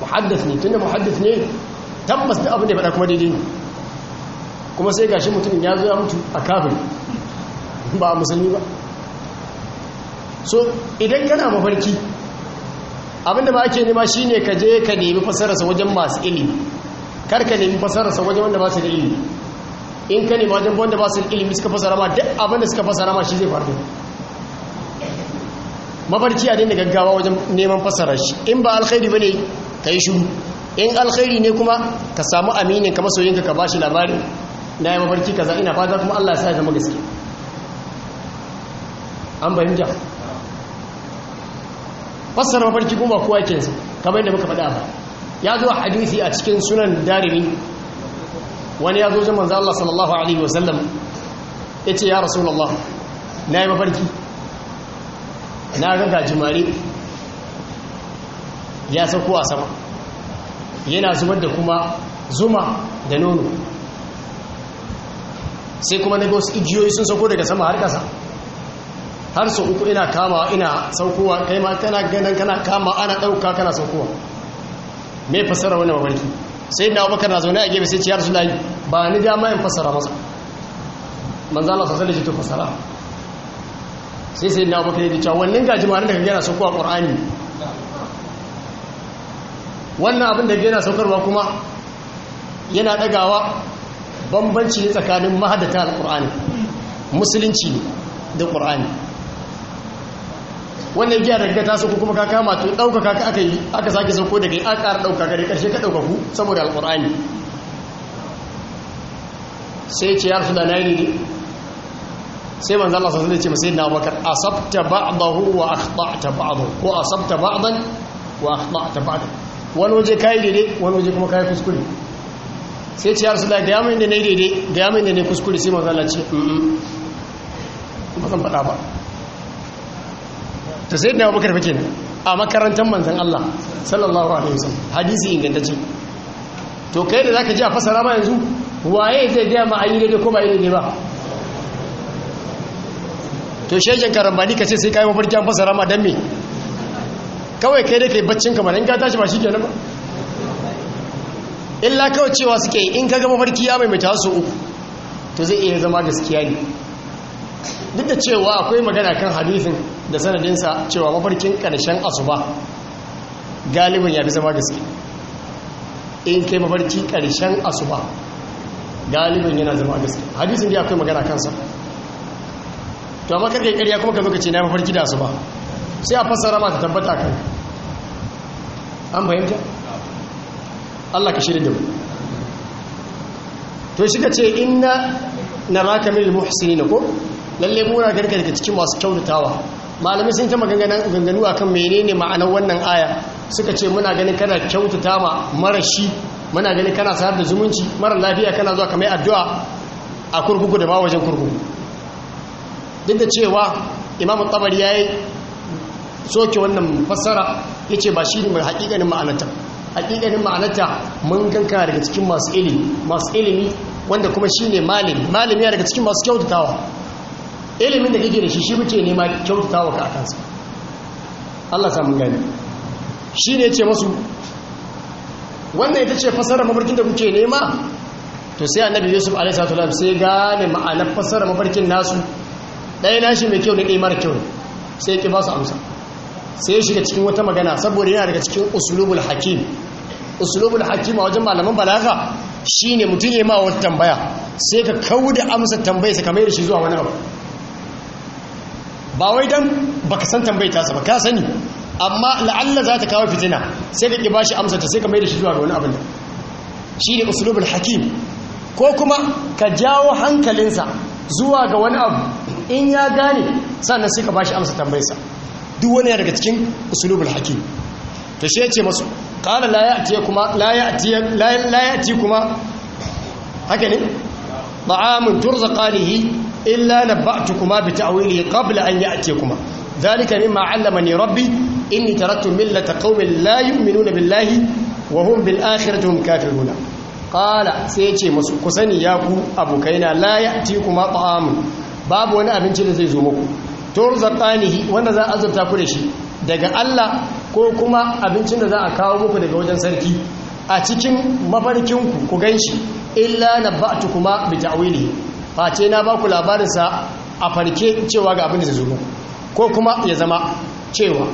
muhaddath ne tunda muhaddath ne tabbas da abin da faɗa kuma daidai ne kuma sai gashi mutumin ya zo ya mutu a kafin ba musulmi ba so idan kana mafarki abinda ba ake nema shine ka je ka nemi fasararsa wajen masu ilimi kar ka nemi fasararsa wajen wanda ba su da ilimi in ka ne wajen wanda ba su ilimi suka fasara ma duk abin da suka fasara ma shi zai faru mafarki a daina gaggawa wajen neman fasara shi in ba alkhairi ba ne ka yi shuru in alkhairi ne kuma ka samu aminin ka masoyinka ka ba shi labarin na yi mafarki kaza ina fata kuma allah ya sa zama gaske an fahimta fasara mafarki kuma kowa yake kamar yadda muka faɗa ba ya zo hadisi a cikin sunan darimi wani ya zo ji manzan Allah sallallahu alaihi wasallam ce ya Allah na yi mafarki na ga gajimare ya sauko a sama yana zubar da kuma zuma da nono sai kuma na gosu wasu igiyoyi sun sauko daga sama har kasa har sau uku ina kama ina saukowa kai ma kana ganin kana kama ana ɗauka kana saukowa me fasara wani mafarki sai da abubakar na zaune a gefe sai ciyar su rasulullahi ba ni dama in fassara masa manzo Allah sallallahu alaihi wasallam fassara sai sai da abubakar ya ce wannan gajimare da kage yana saukowa a qur'ani wannan abin da kage yana saukarwa kuma yana dagawa bambanci ne tsakanin mahadata alqur'ani musulunci ne da qur'ani wannan giya daga ta sauko kuma ka kama to dauka ka aka yi aka sake sauko daga aka ƙara ka da ƙarshe ka ku saboda alƙur'ani sai ce ya rasu da na yi ne sai manzan Allah sassan da ce masai na bakar asabta ba'dahu wa akhta'ta ba'dahu ko asabta ba'dan wa akhta'ta ba'dan wani waje kai daidai wani waje kuma kai kuskure sai ce ya rasu da ya min da na yi daidai gaya da na yi kuskure sai manzan Allah ce ba zan ba to sai na abubakar fake a makarantar manzan Allah sallallahu alaihi wasallam hadisi ingantacce to kai da zaka ji a fasara ma yanzu waye zai gaya ma ayi daidai ko ba yi ne ba to shejen karambani ka ce sai kai mafarkin fasara ma dan me kawai kai da kai baccin ka in ka tashi ba shikenan ba illa kawai cewa suke in ka ga mafarki ya maimaita su uku to zai iya zama gaskiya ne duk da cewa akwai magana kan hadisin da sanadinsa cewa mafarkin ƙarshen asuba galibin ya fi zama gaske in kai mafarki ƙarshen asuba galibin yana zama gaske hadisin da akwai magana kansa to amma karkai ƙarya kuma ka zo ka ce na mafarki da asuba sai a fassara ma ta tabbata kan an fahimta Allah ka shirya da mu to shi ka ce inna naraka min al-muhsinin ko lalle muna garka daga cikin masu kyautatawa malamai sun ta maganganu a kan menene ma'anar wannan aya suka ce muna ganin kana kyautata ma mara shi muna ganin kana sayar da zumunci mara lafiya kana zuwa kamar addu'a a kurkuku da ma wajen kurkuku duk da cewa imamu tabari ya yi soke wannan fassara ya ce ba shi ne mai haƙiƙanin ma'anata haƙiƙanin ma'anata mun ganka daga cikin masu ilimi masu ilimi wanda kuma shi ne malami malami ya daga cikin masu kyautatawa ilimin da kake da shi shi muke nema kyautata wa ka kansa Allah samu gani shi ne ce masu wannan ita ce fasara mafarkin da muke nema to sai annabi yusuf alaihi salatu sai gane ma'anar fasara mafarkin nasu ɗaya nashi mai kyau da ɗaya mara kyau sai ki ba su amsa sai shiga cikin wata magana saboda yana daga cikin usulubul hakim usulubul hakim a wajen malaman balaga shine mutum ya ma wata tambaya sai ka kawo da amsa tambaya sai ka mai da shi zuwa wani abu ba wai dan ka san tambayi ta ba ka sani amma la'alla za ta kawo fitina sai ka ki bashi amsa ta sai ka mai da shi zuwa ga wani abin ne uslubul hakim ko kuma ka jawo hankalinsa zuwa ga wani abu in ya gane sannan sai ka bashi amsa tambayarsa duk wani daga cikin uslubul hakim ta shi ce masu kala la ya'ti kuma la la ya'ti kuma haka ne turzaqanihi illa nabba'tukuma bi ta'wilihi qabla an ya'tikuma dhalika mimma 'allamani rabbi inni taraktu millata qaumin la yu'minuna billahi wa hum bil akhirati hum kafiruna qala sai ce musu ku sani ya ku abokaina la ya'tikuma ta'amun babu wani abinci da zai zo muku turzaqanihi wanda za a azurta ku da shi daga Allah ko kuma abincin da za a kawo muku daga wajen sarki a cikin mafarkin ku ganshi illa nabba'tukuma bi ta'wilihi face na ba ku labarinsa a farke cewa ga abin da zai zo muku ko kuma ya zama cewa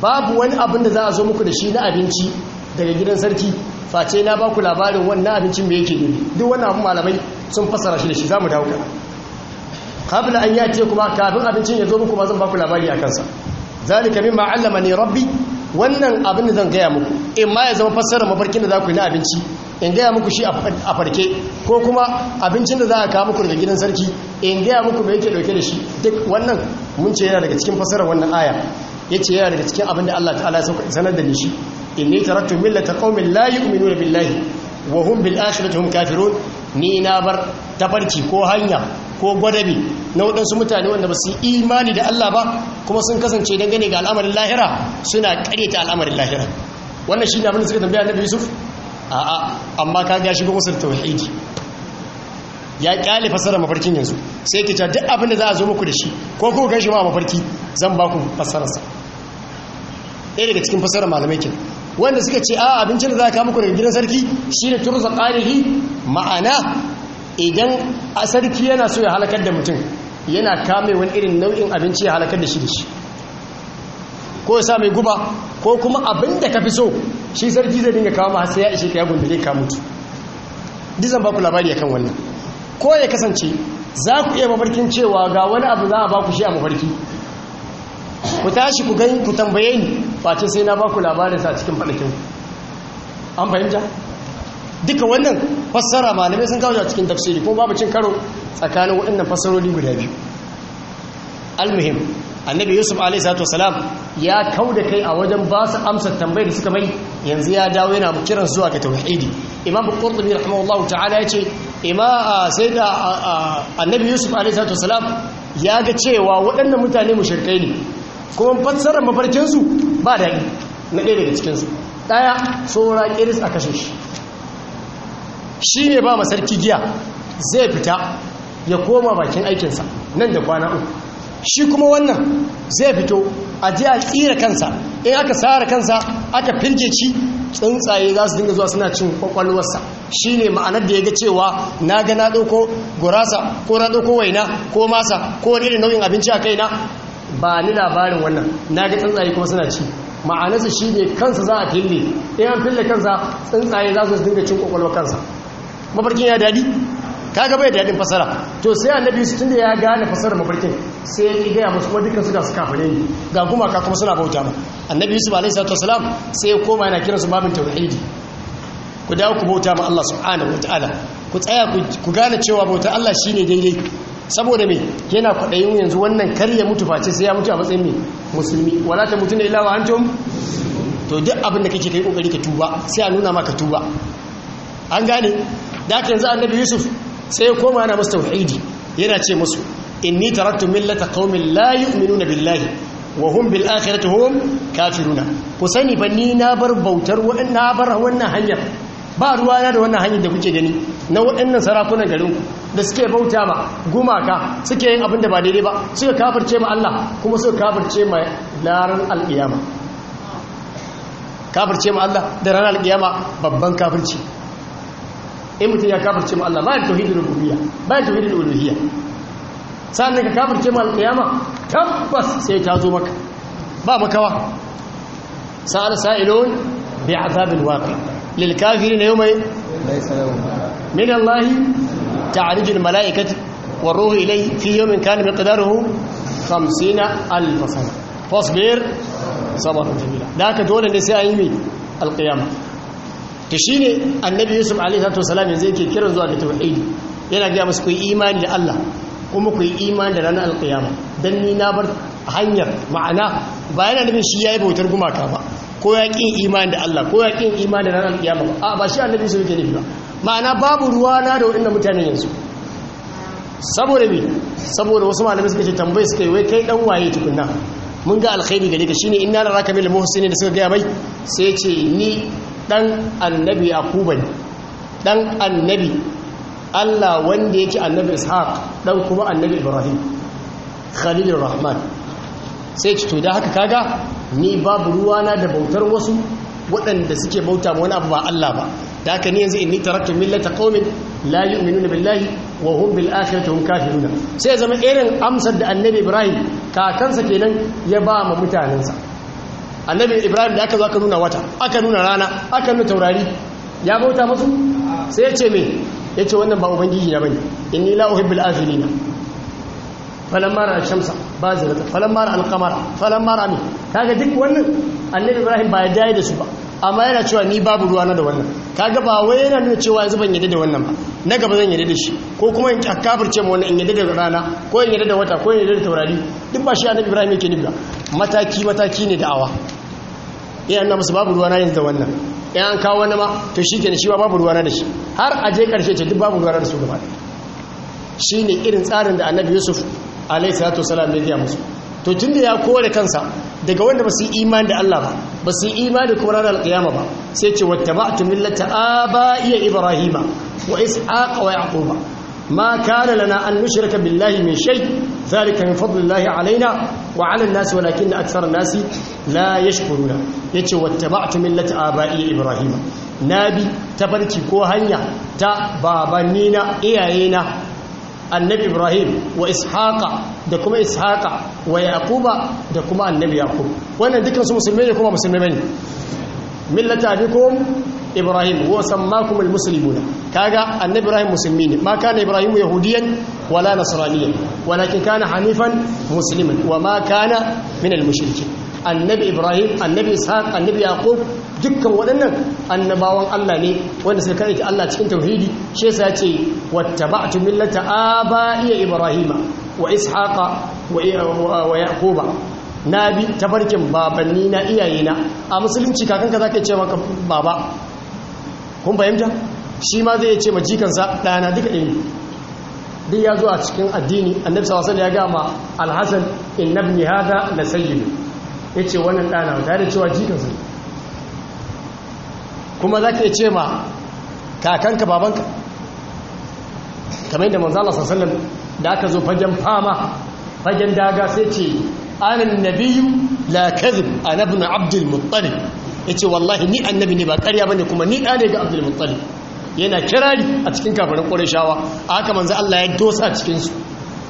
babu wani abin da za a zo muku da shi na abinci daga gidan sarki face na ba ku labarin wannan abincin me yake gani duk wannan abin malamai sun fassara shi da shi za mu dawo kan an an yati kuma kafin abincin ya zo muku ma zan ba ku labari a kansa zalika mimma allama ni rabbi wannan abin da zan gaya muku in ma ya zama fassara mafarkin da za ku yi na abinci in gaya muku shi a farke ko kuma abincin da za a kawo muku daga gidan sarki in gaya muku mai yake dauke da shi duk wannan mun ce yana daga cikin fassara wannan aya ya ce yana daga cikin abin da Allah ta'ala ya sauka sanar da ni shi inni taraktu millata qaumin la yu'minuna billahi wa hum bil akhirati hum kafirun ni na bar tafarki ko hanya ko gwadabi na waɗansu mutane wanda ba su yi imani da Allah ba kuma sun kasance dangane ga al'amarin lahira suna karyata al'amarin lahira wannan shi ne abin da suka tambaya na yusuf a'a amma ka ga shi kuma ta wahidi. ya kyale fasara mafarkin yanzu sai ke ta duk abin da za a zo muku da shi ko kuma kai shi ma mafarki zan ba ku fasararsa ɗaya daga cikin fasarar malamai kenan wanda suka ce a abincin da za a kama daga gidan sarki shi ne turu ƙarihi ma'ana idan a sarki yana so ya halakar da mutum yana kame wani irin nau'in abinci ya halakar da shi da shi ko ya sa mai guba ko kuma abin da ka fi so shi sarki zai dinga kawo masu ya ishe ka ya gundule ka mutu dizan ba ku labari akan wannan ko ya kasance za ku iya mafarkin cewa ga wani abu za a baku shi a mafarki ku tashi ku gani ku tambaye ni face sai na baku labarin sa cikin fadakin an fahimta duka wannan fassara malamai sun kawo cikin tafsiri ko babu cin karo tsakanin waɗannan fassaroli guda biyu almuhim annabi yusuf alaihi salatu wasalam ya kauda kai a wajen ba su amsa tambayar da suka mai yanzu ya dawo yana kiran zuwa ga tauhidi imam qurtubi rahimahullahu ta'ala yace ima sayyida da annabi yusuf alaihi salatu wasalam ya ga cewa waɗannan mutane mushrikai ne kuma fassarar mafarkinsu ba daɗi na ɗaya daga cikinsu ɗaya tsora iris a kashe shi shi ne ba masarki giya zai fita ya koma bakin aikinsa nan da kwana uku shi kuma wannan zai fito a ji a tsira kansa in aka tsara kansa aka firge ci tsuntsaye za su dinga zuwa suna cin kwakwalwarsa shi ne ma'anar da ya ga cewa na ga na ɗauko gurasa ko na ɗauko waina ko masa ko wani irin nau'in abinci a kaina ba ni labarin wannan na ga tsuntsaye kuma suna ci ma'anarsa shi ne kansa za a fille in an fille kansa tsuntsaye za su dinga cin kwakwalwa kansa mafarkin ya daɗi kaga bai daɗin fasara to sai annabi su tunda ya gane fasarar mafarkin sai ya gaya musu kuma dukkan su da su kafare ga gumaka kuma suna bauta ma annabi yusuf alaihi salatu wasalam sai ya koma yana kiransu babin tauhidi ku dawo ku bauta ma Allah subhanahu wataala ku tsaya ku gane cewa bauta Allah shine daidai saboda mai yana kwaɗayin yanzu wannan kar mutu face sai ya mutu a matsayin mai musulmi wala ta mutu na ila wa antum to duk abin da kake kai kokari ka tuba sai a nuna maka tuba an gane da haka yanzu annabi yusuf sai ya koma yana musu tauhidi yana ce musu inni taraktu millata qaumin la yu'minuna billahi wa hum bil akhirati hum kafiruna ku sani ba ni na bar bautar na bar wannan ba ruwana da wannan hanyar da kuke gani na waɗannan sarakunan garin ku da suke bauta ma gumaka suke yin abin da ba daidai ba suka kafirce ma Allah kuma suka kafirce ma laran al'iyama kafirce ma Allah da ranar al'iyama babban kafirci in mutum ya kafirce ma Allah bayan tauhidin rububiyya bayan tauhidin uluhiyya da ka kafirce ma al'iyama tabbas sai ta zo maka ba makawa sa'al sa'ilun bi azabil waqi lil kafirin yawma laysa lahum min Allah تعرج الملائكة والروح إليه في يوم كان مقداره خمسين ألف سنة فاصبر صبرا جميلا ذاك دول النساء يمي القيامة تشيني النبي يوسف عليه الصلاة والسلام ينزل كي زوا بتوحيد yana gaya musu ku yi imani da Allah kuma ku yi imani da ranar alkiyama Dan ni na bar hanyar ma'ana ba yana nufin shi ya yi bautar gumaka ba ko ya ƙin imani da Allah ko ya ƙin imani da ranar alƙiyama ba a ba shi annabi su yake nufi ba ma'ana babu ruwa na da waɗannan mutane yanzu saboda bi saboda wasu malamai suka ce tambayi suka yi wai kai dan waye tukunna mun ga alkhairi gare ka shine inna la raka bil muhsini da suka gaya bai sai ya ce ni dan annabi yakuba ne dan annabi Allah wanda yake annabi ishaq dan kuma annabi ibrahim khalilur rahman sai ce to da haka kaga ni babu ruwa na da bautar wasu waɗanda suke bauta wani abu ba Allah ba da haka ni yanzu inni taraktu millata qaumin la yu'minuna billahi wa hum bil akhirati hum kafiruna sai zama irin amsar da annabi ibrahim kakansa kenan ya ba mu mutanen sa. annabi ibrahim da aka zo aka nuna wata aka nuna rana aka nuna taurari ya bauta musu sai ya ce me ya ce wannan ba ubangiji na bane inni la uhibbul afilina falamma ra shamsa bazirata falamma ra alqamara falamma ra mi kaga duk wannan annabi ibrahim ba ya jaye da su ba amma yana cewa ni babu ruwa na da wannan kaga ba wai yana nuna cewa yanzu ban yadda da wannan ba na gaba zan yadda da shi ko kuma in kafirce mu wannan in yadda da rana ko in yadda da wata ko in yadda da taurari duk ba shi annabi Ibrahim yake nufi mataki mataki ne da'awa eh annabi musu babu ruwana yanzu da wannan eh an kawo wani ma to shikenan shi ba babu ruwana da shi har a je karshe ce duk babu ruwana da su gaba shine irin tsarin da annabi Yusuf alaihi salatu wasalam ya musu to tunda ya kore kansa daga wanda ba su yi imani da Allah ba ba su yi imani kuma ranar alƙiyama ba sai ce wata ba ta millata aba iya ibrahima wa ishaqa wa yaquba ma kana lana an nushrika billahi mai shai zalika min alaina wa ala an walakin akthar an nasi la yashkuruna yace wattaba'tu millata aba'i ibrahima bi tafarki ko hanya ta babannina iyayena النبي إبراهيم وإسحاق دكما إسحاق ويعقوب دكما النبي يعقوب وأنا ذكر نسو مسلمين يكما مسلمين ملة أبيكم إبراهيم هو سماكم المسلمون كاجا النبي إبراهيم مسلمين ما كان إبراهيم يهوديا ولا نصرانيا ولكن كان حنيفا مسلما وما كان من المشركين annabi ibrahim annabi ishaq annabi yaqub dukkan waɗannan annabawan Allah ne wanda suka karanta Allah cikin tauhidi shi yasa ya ce wattaba'tu millata aba'i ibrahima wa ishaqa wa yaquba na bi tafarkin babanni na iyayena a musulunci kakanka zaka ce maka baba kun fahimta shi ma zai ce ma jikansa ɗana duka ɗin duk ya zo a cikin addini annabi sawasan ya gama alhassan innabni hada na sayyidu ya ce wannan ɗana ta da cewa jika su kuma za ka ce ma kakanka babanka kamar yadda manzala sassanin da aka zo fagen fama fagen daga sai ce anan nabiyu la a nabin abdul muttalib ya ce wallahi ni annabi ne ba karya ba ne kuma ni ɗane ga abdul muttalib yana kirari a cikin kafirin shawa, a haka manzo Allah ya dosa cikinsu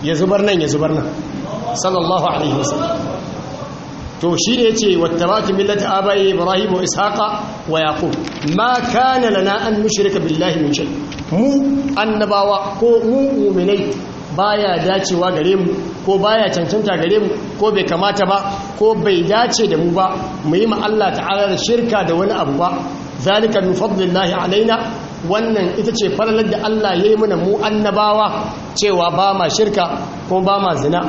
ya zubar nan ya zubar nan sallallahu alaihi wasallam to shi ne yace wattabatu millati abai ibrahim wa ishaqa wa yaqub ma kana lana an nushrika billahi min shay mu annabawa ko mu mu'minai baya dacewa gare mu ko baya cancanta gare mu ko bai kamata ba ko bai dace da mu ba mu yi ma Allah ta'ala da shirka da wani abu ba zalika min fadlillahi alaina wannan ita ce falalar da Allah ya yi mana mu annabawa cewa ba ma shirka ko ba ma zina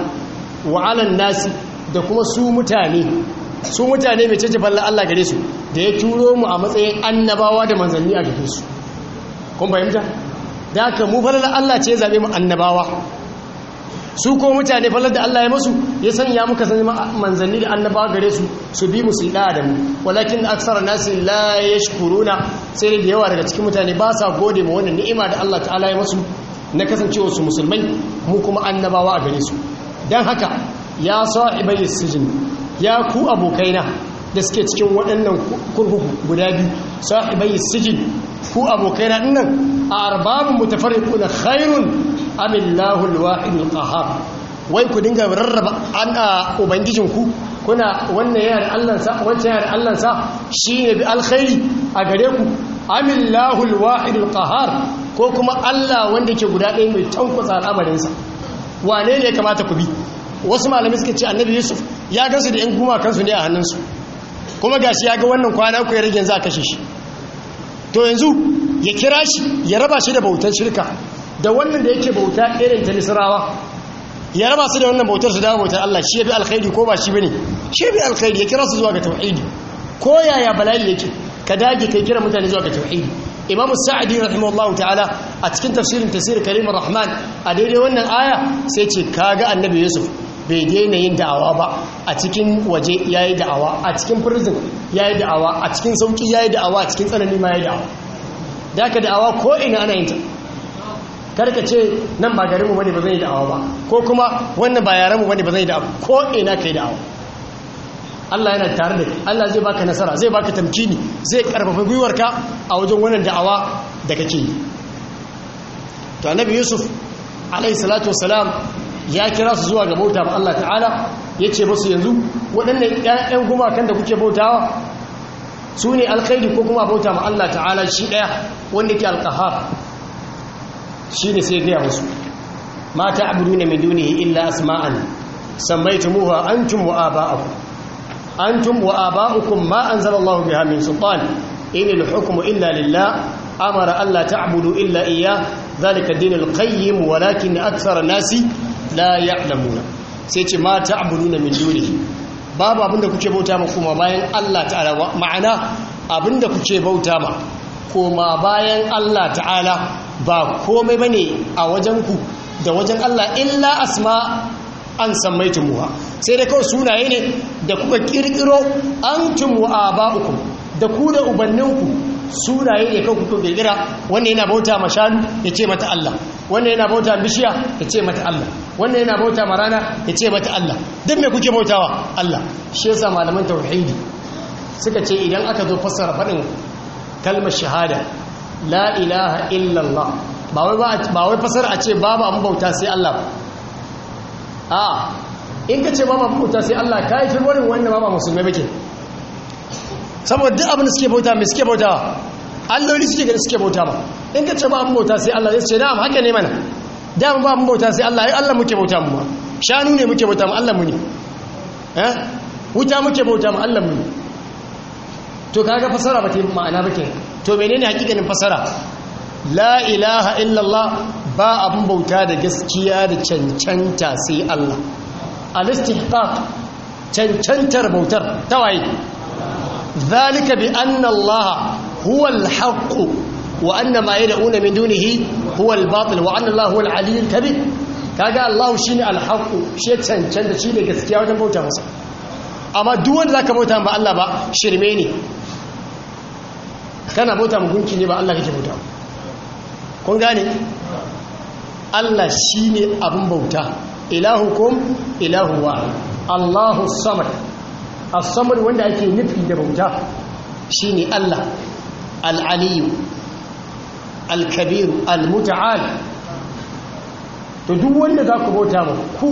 wa alan nasi da kuma su mutane su mutane mai cece falla Allah gare su da ya turo mu a matsayin annabawa da manzanni a gare su kun fahimta da haka mu falla Allah ce zabe mu annabawa su ko mutane falla da Allah ya masu ya sanya muka sanya manzanni da annabawa gare su su bi mu su da da mu walakin aksar nasi la yashkuruna sai da yawa daga cikin mutane ba sa gode ma wannan ni'ima da Allah ta'ala ya masu na kasancewa su musulmai mu kuma annabawa a gare su dan haka ya sahibai sijin ya ku abokaina da suke cikin waɗannan kurkuku guda biyu sahibai sijin ku abokaina dinnan a arbabin mu khairun am khairun al-wahid al wai ku dinga rarraba an ubangijin ku kuna wannan yana allansa? Allah sa wancan yana Allah sa shine bi alkhairi a gare ku am Allahu al ko kuma Allah wanda ke guda ɗaya mai tankwasa al'amarin sa wane ne kamata ku bi wasu malamai suka ce annabi yusuf ya gasu da yan su ne a hannunsu kuma ga shi ya ga wannan kwana ku ya rage za a kashe shi to yanzu ya kira shi ya raba shi da bautar shirka da wannan da yake bauta irin ta nisarawa ya raba su da wannan bautar su dawo bautar Allah shi ya bi alkhairi ko ba shi bane shi ya bi alkhairi ya kira su zuwa ga tauhidi ko yaya bala'i yake ka dage kai kira mutane zuwa ga tauhidi imamu sa'adi rahimahullahu ta'ala a cikin tafsirin tafsir karim rahman a daidai wannan aya sai ce kaga annabi yusuf bai daina yin da'awa ba a cikin waje ya yi da'awa a cikin prison ya yi da'awa a cikin sauƙi ya yi da'awa a cikin tsanani ma ya yi da'awa da aka da'awa ko ina ana yin ta karka ce nan ba garinmu wani ba zai yi da'awa ba ko kuma wannan ba yarenmu wani ba zai da'awa ko ina ka yi da'awa Allah yana tare da Allah zai baka nasara zai baka tamkini zai karfafa gwiwarka a wajen wannan da'awa da kake yi to annabi yusuf alayhi salatu wasalam ya kira su zuwa ga bauta ba Allah ta'ala ya ce musu yanzu waɗannan ƴaƴan gumakan da kuke bautawa su ne alkhairi ko kuma bauta ma Allah ta'ala shi ɗaya wanda ke alkahar shi ne sai gaya musu mata abudu ne min duniya illa asma'an sammai tumuwa an tun wa'aba'aku an tun wa'aba'ukun ma an zama Allah biha min sultan inil hukumu illa lillah amara Allah ta'budu illa iya zalika dinul qayyim walakin aktsara nasi la ya'lamuna sai ce ma ta'buduna min dunihi babu abinda kuke bauta ma kuma bayan Allah ta'ala ma'ana abinda kuke bauta ma koma bayan Allah ta'ala ba komai bane a wajen ku da wajen Allah illa asma an sammaitumuha sai dai kawai sunaye ne da kuka kirkiro antum wa aba'ukum da ku da ubanninku sunaye ne kawai kuka kirkira wanda yana bauta ma shanu ya ce mata Allah wannan yana bauta bishiya ya ce mata Allah wannan yana bauta marana rana ya ce mata Allah duk me kuke bautawa Allah shi yasa malaman tauhidi suka ce idan aka zo fassara faɗin kalmar shahada la ilaha illallah ba wai fasara a ce babu an bauta sai Allah ba a in ka ce babu an bauta sai Allah ka yi firwarin wanda ba musulmai bakin saboda duk abin da suke bauta mai suke bautawa alloli suke gani suke bauta ba in ka ce ba mu bauta sai Allah ya ce na'am haka ne mana da mu ba mu bauta sai Allah ai Allah muke bauta mu ba shanu ne muke bauta mu Allah mu ne eh wuta muke bauta mu Allah mu ne to kaga fasara ba ta yi ma'ana ba ke to menene hakikanin fasara la ilaha illallah ba abun bauta da gaskiya da cancanta sai Allah al-istihqaq cancantar bautar tawaye zalika bi anna allaha huwa al-haqq wa anna ma yad'una min dunihi huwa al-batil wa anna Allah huwa al-'aliy al-kabir kaga Allah shine al shi cancanta shi ne gaskiya wajen bauta masa amma duk wanda zaka bauta ba Allah ba shirme ne kana bauta mu gunki ne ba Allah kake bauta kun gane Allah shine abin bauta ilahukum ilahu wa. Allahu samad as-samad wanda ake nufi da bauta shine Allah al'aliyu alkabiru almuta'al to duk wanda za ku bauta ma ku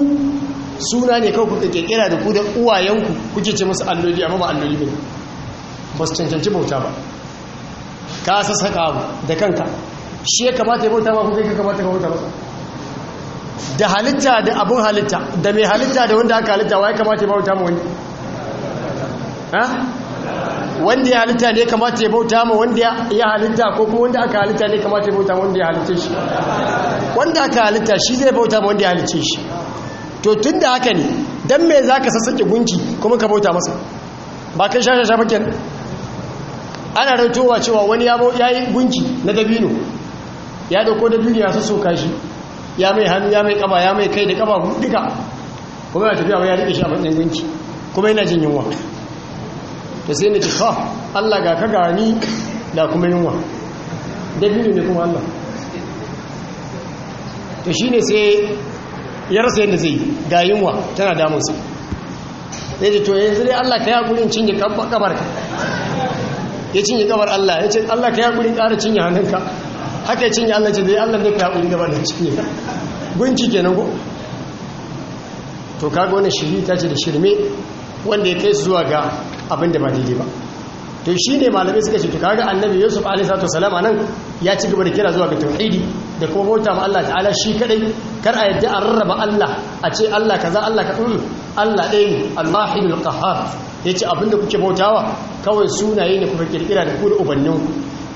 suna ne kawai kuka kekera da ku da uwayenku kuke ce masu alloli amma ba alloli ne ba su cancanci bauta ba ka sassaka abu da kanka shi ya kamata ya bauta ba kuka ya kamata ka bauta ba da halitta da abun halitta da mai halitta da wanda aka halitta wa ya kamata ya bauta ma wani wanda ya halitta ne kamata ya bauta ma wanda ya halitta ko kuma wanda aka halitta ne kamata ya bauta ma wanda ya halitta shi wanda aka halitta shi zai bauta ma wanda ya halitta shi to tun da haka ne don me za ka sassaƙi gunki kuma ka bauta masa ba kai shasha shafa kyan ana rantowa cewa wani ya yi gunki na dabino ya dauko dabino ya sassu shi ya mai hannu ya mai kaba ya mai kai da kaba duka kuma ya tafiya ya rike shi a matsayin gunki kuma yana jin yunwa da sai na ce ha Allah ga ka gani da kuma yunwa dabino ne kuma Allah to shi ne sai ya rasa yadda zai ga yunwa tana damunsa zai ce to yanzu dai Allah ka yaƙurin cinye kabar ya cinye kabar Allah ya ce Allah ka yaƙurin ƙara cinye hannunka haka ya cinye Allah ce zai Allah ne ka yaƙurin gabar da cinye ka gunki kenan ko to kaga wani shiri ta ce da shirme wanda ya kai zuwa ga abinda da ba daidai ba to shi ne malamai suka ce to kaga annabi yusuf alaihi salam nan ya ci gaba da kira zuwa ga tauhidi da kuma bauta ma Allah ta'ala shi kadai kar a yadda an rarraba Allah a ce Allah kaza Allah ka um mm, Allah ɗaya ne Allahul Qahhar yace abinda kuke bautawa kawai sunaye ne kuma kirkira da ku da ku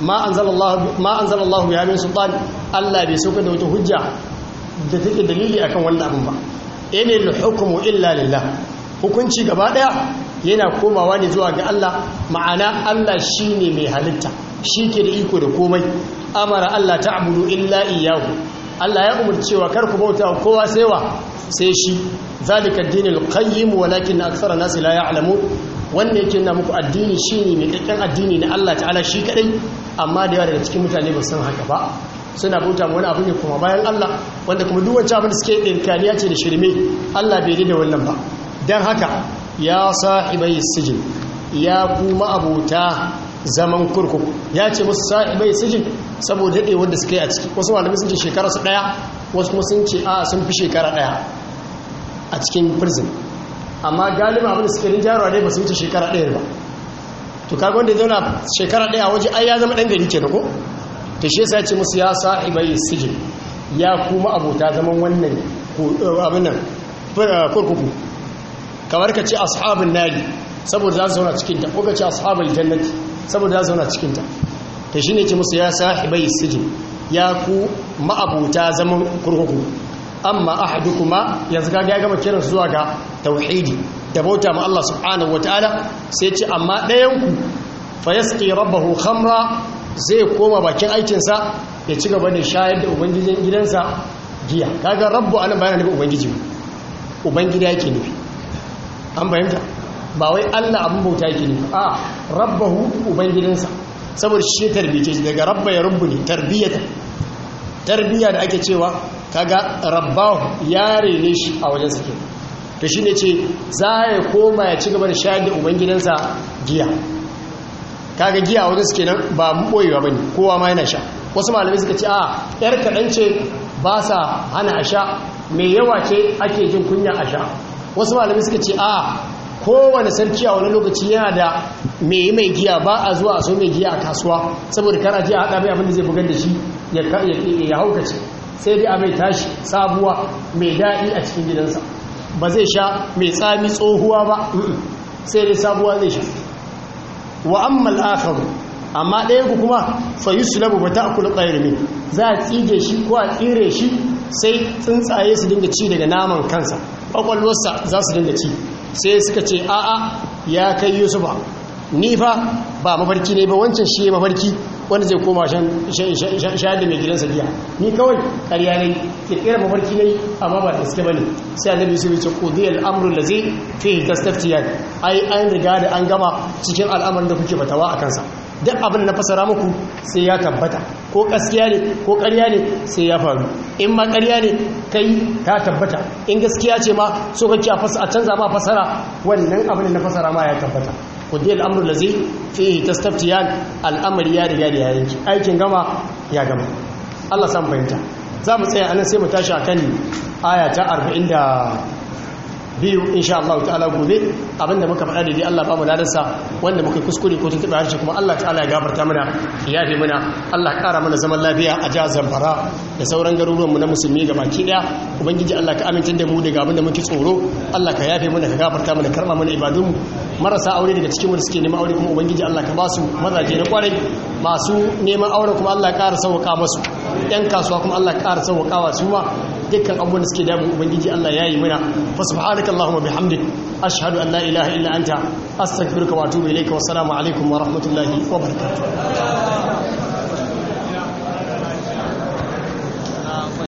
ma anzalallahu ma anzalallahu ya min sultan Allah bai sauka da wata hujja da take dalili akan wannan abin ba inil hukmu illa lillah hukunci gaba daya yana komawa ne zuwa ga Allah ma'ana Allah shi ne mai halitta shi ke da iko da komai amara Allah ta abudu illa iyyahu Allah ya umarcewa cewa kar ku bauta kowa sai wa sai shi zalika ad-dinul qayyim walakin aktsara nasi la ya'lamu wanda yake na muku addini shi ne mai kakkan addini na Allah ta'ala shi kaɗai? amma da yawa daga cikin mutane ba san haka ba suna bauta wani abu ne kuma bayan Allah wanda kuma duk wancan abin da suke dinkaniya ce da shirme Allah bai da wannan ba dan haka ya sahibai sijin ya kuma abota zaman kurkuku ya ce musu sahibai sijin saboda daɗe wanda suka yi a ciki wasu malamai sun ce shekara su ɗaya wasu kuma sun ce a sun fi shekara ɗaya a cikin prison amma galiba abin da suke rinjarwa dai ba su wuce shekara ɗaya ba to kaga wanda zauna shekara ɗaya waje ai ya zama ɗan gari ke ko to shi yasa ya ce musu ya sahibai sijin ya kuma abota zaman wannan eh, abin nan kurkuku kamar ka ce ashabin nari saboda za su zauna cikinta ko ka ce ashabin jannati saboda za su zauna cikinta ta shi ne ce musu ya sahibai sijin ya ku ma'abuta zaman kurkuku amma ahadu kuma yanzu ka ya gama kiran zuwa ga tauhidi da bauta ma Allah subhanahu wataala sai ce amma ɗayan ku fa yasqi rabbahu khamra zai koma bakin aikinsa ya ci gaba da shayar da ubangijin gidansa giya kaga rabbu anan bayan da ubangiji ubangida yake nufi an fahimta ba wai Allah abin bauta yake ne a rabbahu ubangidansa saboda shi tarbice shi daga rabba ya rubu ne Tarbiyya tarbiyya da ake cewa kaga rabbahu ya rene shi a wajen sake to shine ce za ya koma ya ci gaba da shayar da ubangidansa giya kaga giya wajen suke nan ba mu ba bane kowa ma yana sha wasu malamai suka ce a yar kaɗan ce ba sa hana a sha mai yawa ce ake jin kunya a sha wasu malami suka ce a kowane sarki a wani lokaci yana da mai mai giya ba a zuwa a so mai giya a kasuwa saboda kana ji a haɗa mai abin da zai bugar da shi ya haukace sai dai a mai tashi sabuwa mai daɗi a cikin gidansa ba zai sha mai tsami tsohuwa ba sai dai sabuwa zai sha wa ammal akharu amma ɗaya ku kuma fa yuslabu ba ta'kulu qayr za a tsige shi ko a tsire shi sai tsuntsaye su dinga ci daga naman kansa ƙwaƙwalwarsa za su dinga ci sai suka ce a'a ya kai yusufa ni fa ba mafarki ne ba wancan shi mafarki wanda zai koma shayar da mai gidansa giya ni kawai ƙarya ne ƙirƙirar mafarki ne amma ba da ba ne, sai annabi yusuf ya ce qudi al da zai fi ai an riga da an gama cikin al'amarin da kuke batawa a kansa duk abin na fasara muku sai ya tabbata ko gaskiya ne ko ƙarya ne sai ya faru in ma ƙarya ne kai ta tabbata in gaskiya ce ma so kake a fasara a canza ma fasara wannan abin na fasara ma ya tabbata kudi dai da zai fi tastaftiyan al'amari ya riga da ya aikin gama ya gama Allah san fahimta za mu tsaya anan sai mu tashi akan aya ta 40 biyu insha Allah ta'ala gobe abinda muka faɗa daidai Allah ba mu ladarsa wanda muka kuskure ko tuntuɓe harshe kuma Allah ta'ala ya gafarta mana ya yafe mana Allah ƙara mana zaman lafiya a jihar Zamfara da sauran garuruwan mu na musulmi baki ɗaya ubangiji Allah ka amince da mu daga abinda muke tsoro Allah ka yafe mana ka gafarta mana karma mana ibadun mu marasa aure daga cikin mu suke neman aure kuma ubangiji Allah ka ba su mazaje na kwarai masu neman aure kuma Allah ya ƙara sauƙa musu yan kasuwa kuma Allah ya ƙara sauƙa wa su ma dukkan abubuwan da suke damu ubangiji Allah ya yi muna fa subhanaka allahumma bihamdik ashhadu an la ilaha illa anta astaghfiruka wa atubu ilayka wa assalamu alaikum wa rahmatullahi wa barakatuh